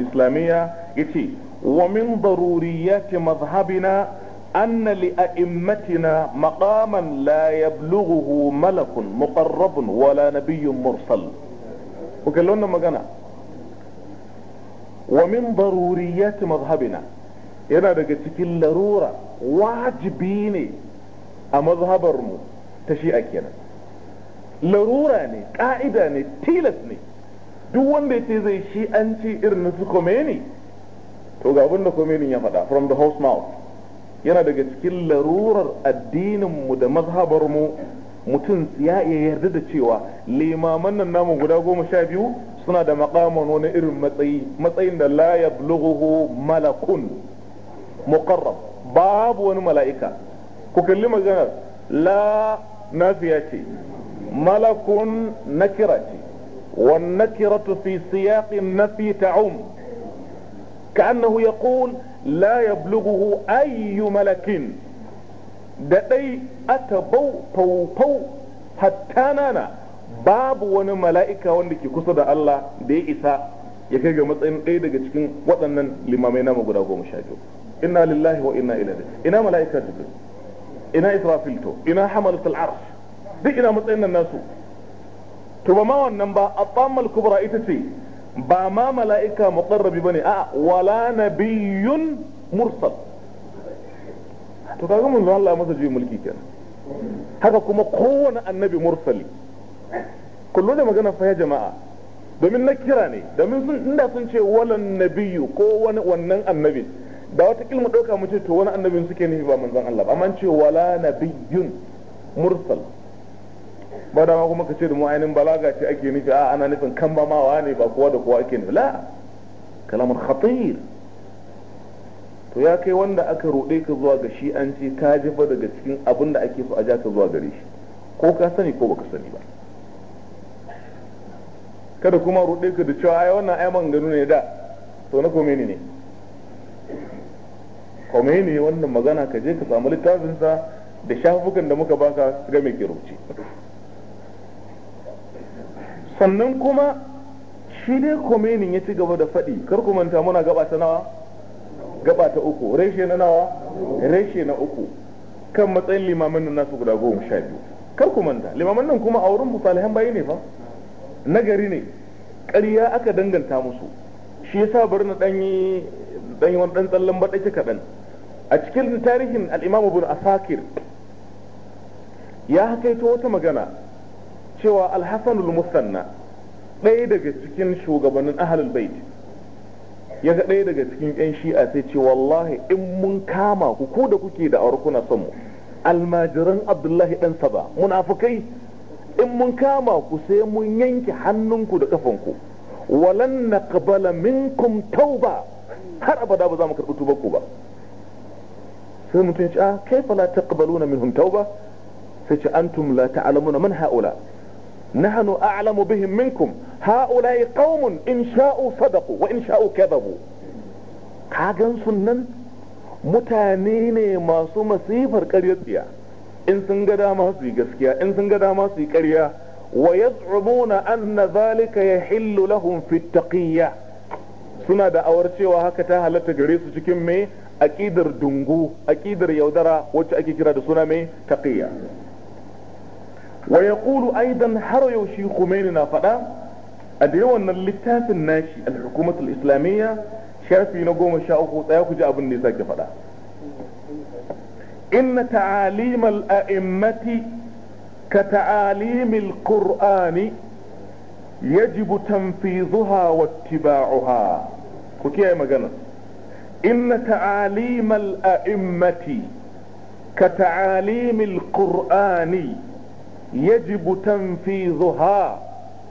islamiyya ya ce wa min daruriyati mazhabina anna li a'immatina maqaman la yablughuhu malakun muqarrabun wala nabiyyun mursal ku kallon wannan magana wa min daruriyati mazhabina yana daga cikin larura wajibi ne a mazhabarmu ta shi'a kenan larura ne ƙa'ida ne tilas ne duk wanda ya ce zai shi'anci irin su komeni to ga abin da Khomeini ya faɗa from the house mouth yana daga cikin larurar addininmu da mazhabarmu mutum ya iya yarda da cewa limaman nan namu guda goma sha biyu suna da makaman wani irin matsayi matsayin da la yablughu malakun muqarrab babu wani mala'ika ku kalli maganar la na fiye ce malakun nakira ce wan nakira tu fi na fi ta'um ka ya la ya bluguhu ayyu malakin da ɗai aka bau taupau hatta nana babu wani mala'ika wanda ke kusa da Allah da ya isa ya kai ga matsayin ɗaya daga cikin waɗannan limamai na maguda goma sha biyu inna lillahi wa inna ilaihi ina mala'ika tukur ina israfil to ina Hamal arsh duk ina matsayin nan nasu to ba ma wannan ba at-tammal kubra ita ce ba ma mala'ika muqarrabi bane a wala nabiyyun mursal to kaga mun Allah masa juyin mulki kenan haka kuma kowane annabi mursali kullum da magana fa ya jama'a domin na kira ne domin sun inda sun ce walan nabiyyu ko wani wannan annabi da wata kilmu ɗauka mu ce to wani annabin suke nufi ba manzon Allah ba amma ce wala nabiyyun mursal ba da kuma ka ce da mu ainihin balaga ce ake nufi a ana nufin kan ba mawa ne ba kowa da kowa ake nufi la kalamun khatir to ya kai wanda aka ruɗe ka zuwa ga shi an ce ka jefa daga cikin abin da ake so a ja ka zuwa gare shi ko ka sani ko baka sani ba kada kuma ruɗe ka da cewa ai wannan ai man gano ne da to na ko menene ne ne wannan magana ka je ka samu littafinsa da shafukan da muka baka ga mai kiruci sannan kuma shi ne Khomeini ya ci gaba da faɗi kar ku manta muna gaba ta nawa gaba ta uku reshe na nawa reshe na uku kan matsayin limamin nan nasu guda goma sha biyu kar ku manta limamin nan kuma a wurin musalihan bayi ne fa nagari ne ƙarya aka danganta musu shi yasa bari na ɗanyi wani ɗan tsallan baɗaki kaɗan a cikin tarihin al'imamu bin asakir ya hakaito wata magana cewa Alhassanul musanna ɗaya daga cikin shugabannin ahlul bait ya ga ɗaya daga cikin 'yan shi'a sai ce wallahi in mun kama ku ko da kuke da aurkuna kuna son mu almajiran abdullahi ɗan saba munafukai in mun kama ku sai mun yanke hannunku da kafanku walan min minkum tauba har abada ba za mu karɓi tubarku ba sai mutum ya a ah kaifa la taqbaluna minhum tauba sai ce antum la ta'lamuna man haula nahnu a'lamu bihim minkum haula'i qaumun in sha'u sadaqu wa in sha'u kadhabu kagan sunnan mutane ne masu masifar ƙaryar tsiya in sun ga dama su yi gaskiya in sun ga dama su yi ƙarya wa yaz'umuna anna zalika yahillu lahum fi taqiyya suna da awar cewa haka ta halatta gare su cikin me aƙidar dungu aƙidar yaudara wacce ake kira da suna mai taqiya wa yaqulu aidan har yau shi Khomeini na fada a da yawan nan littafin nashi al-hukumatul islamiyya sharfi na goma sha uku tsaya ku ji abin da ya sake faɗa inna ta'alimal a'immati ka ta'alimil qur'ani yajibu tanfidhuha wattiba'uha ku kiyaye magana ان تعاليم الائمة كتعاليم القرآن يجب تنفيذها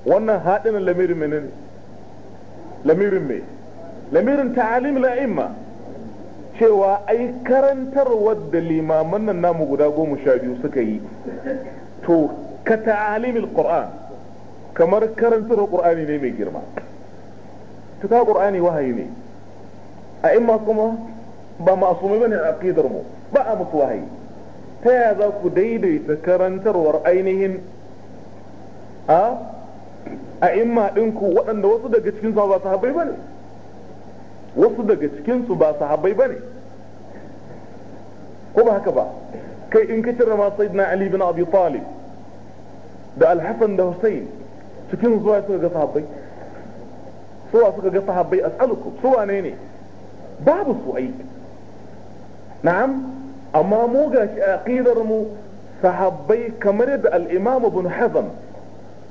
وانا هذا لمير من لمير من لمير تعاليم الائمة شوى اي كرن ترود لامامنا نامو قداغو مشاهد يوسكي تو كتعاليم القرآن كمر كرن ترو قرآني نيمي جرما تتا قرآني وهايني a imma kuma ba masumai bane a aqidar mu ba a musu wahayi ta yaya za ku daidaita karantarwar ainihin a a imma ɗinku waɗanda wasu daga cikin su ba sahabbai bane wasu daga cikin su ba sahabbai bane ko ba haka ba kai in ka cire ma sayyidina ali bin abi talib da al-hasan da husayn cikin zuwa suka ga sahabbai suwa suka ga sahabbai as'alukum suwa ne ne باب سوئيك نعم اما موجه اقيدر مو صحابي كمرد الامام ابن حزم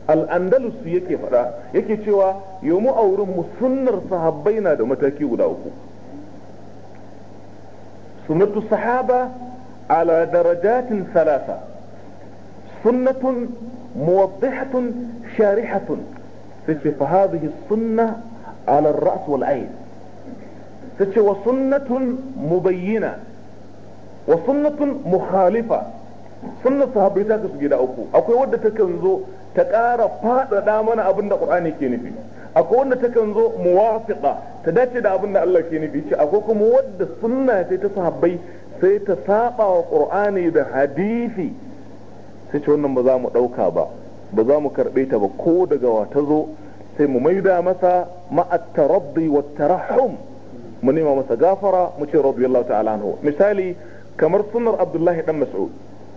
الاندلس يكي فرا يكي شوى يوم اورم سنر صحابينا دو متاكي ولاوكو سنة الصحابة على درجات ثلاثة سنة موضحة شارحة هذه السنة على الرأس والعين ta ce wa sunnatun mubayyina wa sunnatun mukhalifa sunnat sahabbai ta kasu gida uku akwai wadda takan zo ta ƙara faɗaɗa mana abin da ƙur'ani ke nufi akwai wanda takan zo muwafiqa ta dace da abin da Allah ke nufi ce akwai kuma wadda sunna ce ta sahabbai sai ta saba wa ƙur'ani da hadisi sai ce wannan ba za mu ɗauka ba ba za mu karɓe ta ba ko daga wa ta zo sai mu maida masa ma'at tarabbi wa tarahum mu nema masa gafara mu ce radiyallahu ta'ala anhu misali kamar sunnar abdullahi dan mas'ud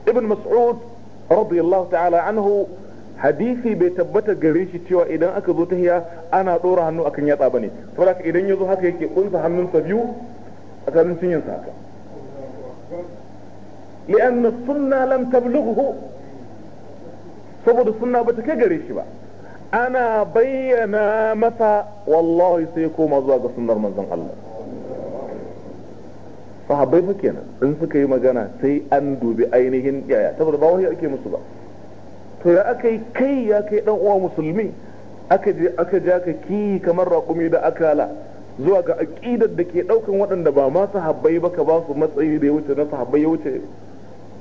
ibn mas'ud radiyallahu ta'ala anhu hadisi bai tabbata gare shi cewa idan aka zo tahiya ana dora hannu akan yatsa bane saboda idan yazo haka yake kunsa hannunsa biyu a kanin cinyin sa haka li'anna sunna lam tablughu saboda sunna bata kai gare shi ba ana bayyana masa wallahi sai koma zuwa ga sunnar manzon Allah sahabbai fa kenan in suka yi magana sai an dubi ainihin yaya saboda ba wani ake musu ba to ya aka yi kai ya kai dan uwa musulmi aka je aka ja ka ki kamar raƙumi da akala zuwa ga aƙidar da ke ɗaukan waɗanda ba ma sahabbai ba ka ba su matsayi da ya wuce na sahabbai ya wuce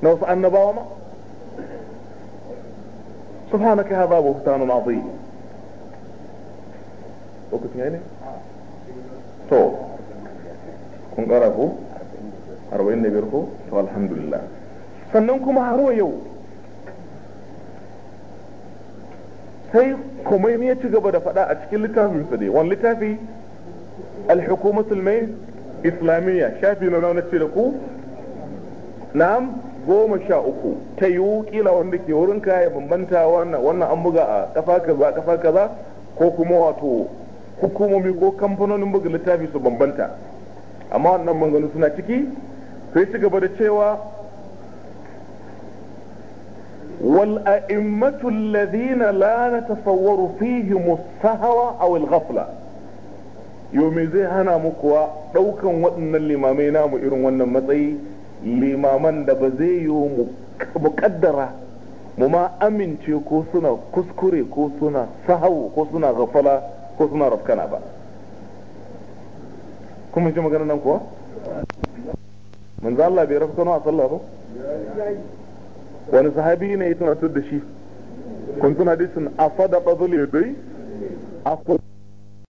na wasu annabawa ma subhanaka hadha buhtanun azim lokacin ne to kun ƙara ko arba'in da biyar ko to alhamdulillah sannan kuma har yau sai kuma ya ci gaba da faɗa a cikin littafin sa dai wani littafi alhukumatul mai islamiyya shafi na na ce da ku na'am goma sha uku ta yi kila wanda ke wurin ka ya bambanta wannan an buga a kafa kaza kafa kaza ko kuma wato hukumomi ko kamfanonin buga littafi su bambanta amma wannan manganu suna ciki sai ci gaba da cewa wal a'immatu alladhina la natasawwaru fihim as-sahwa aw al-ghafla yau me zai hana mu kuwa ɗaukan waɗannan limamai namu irin wannan matsayi limaman da ba zai yi mu kaddara mu ma amince ko suna kuskure ko suna sahawo ko suna rafkana ba kuma ji magana nan kuwa manzo Allah bai rafkano a sallah ba wani sahabi ne ya tunatar da shi kun tuna hadisin afada bazul yadai akwai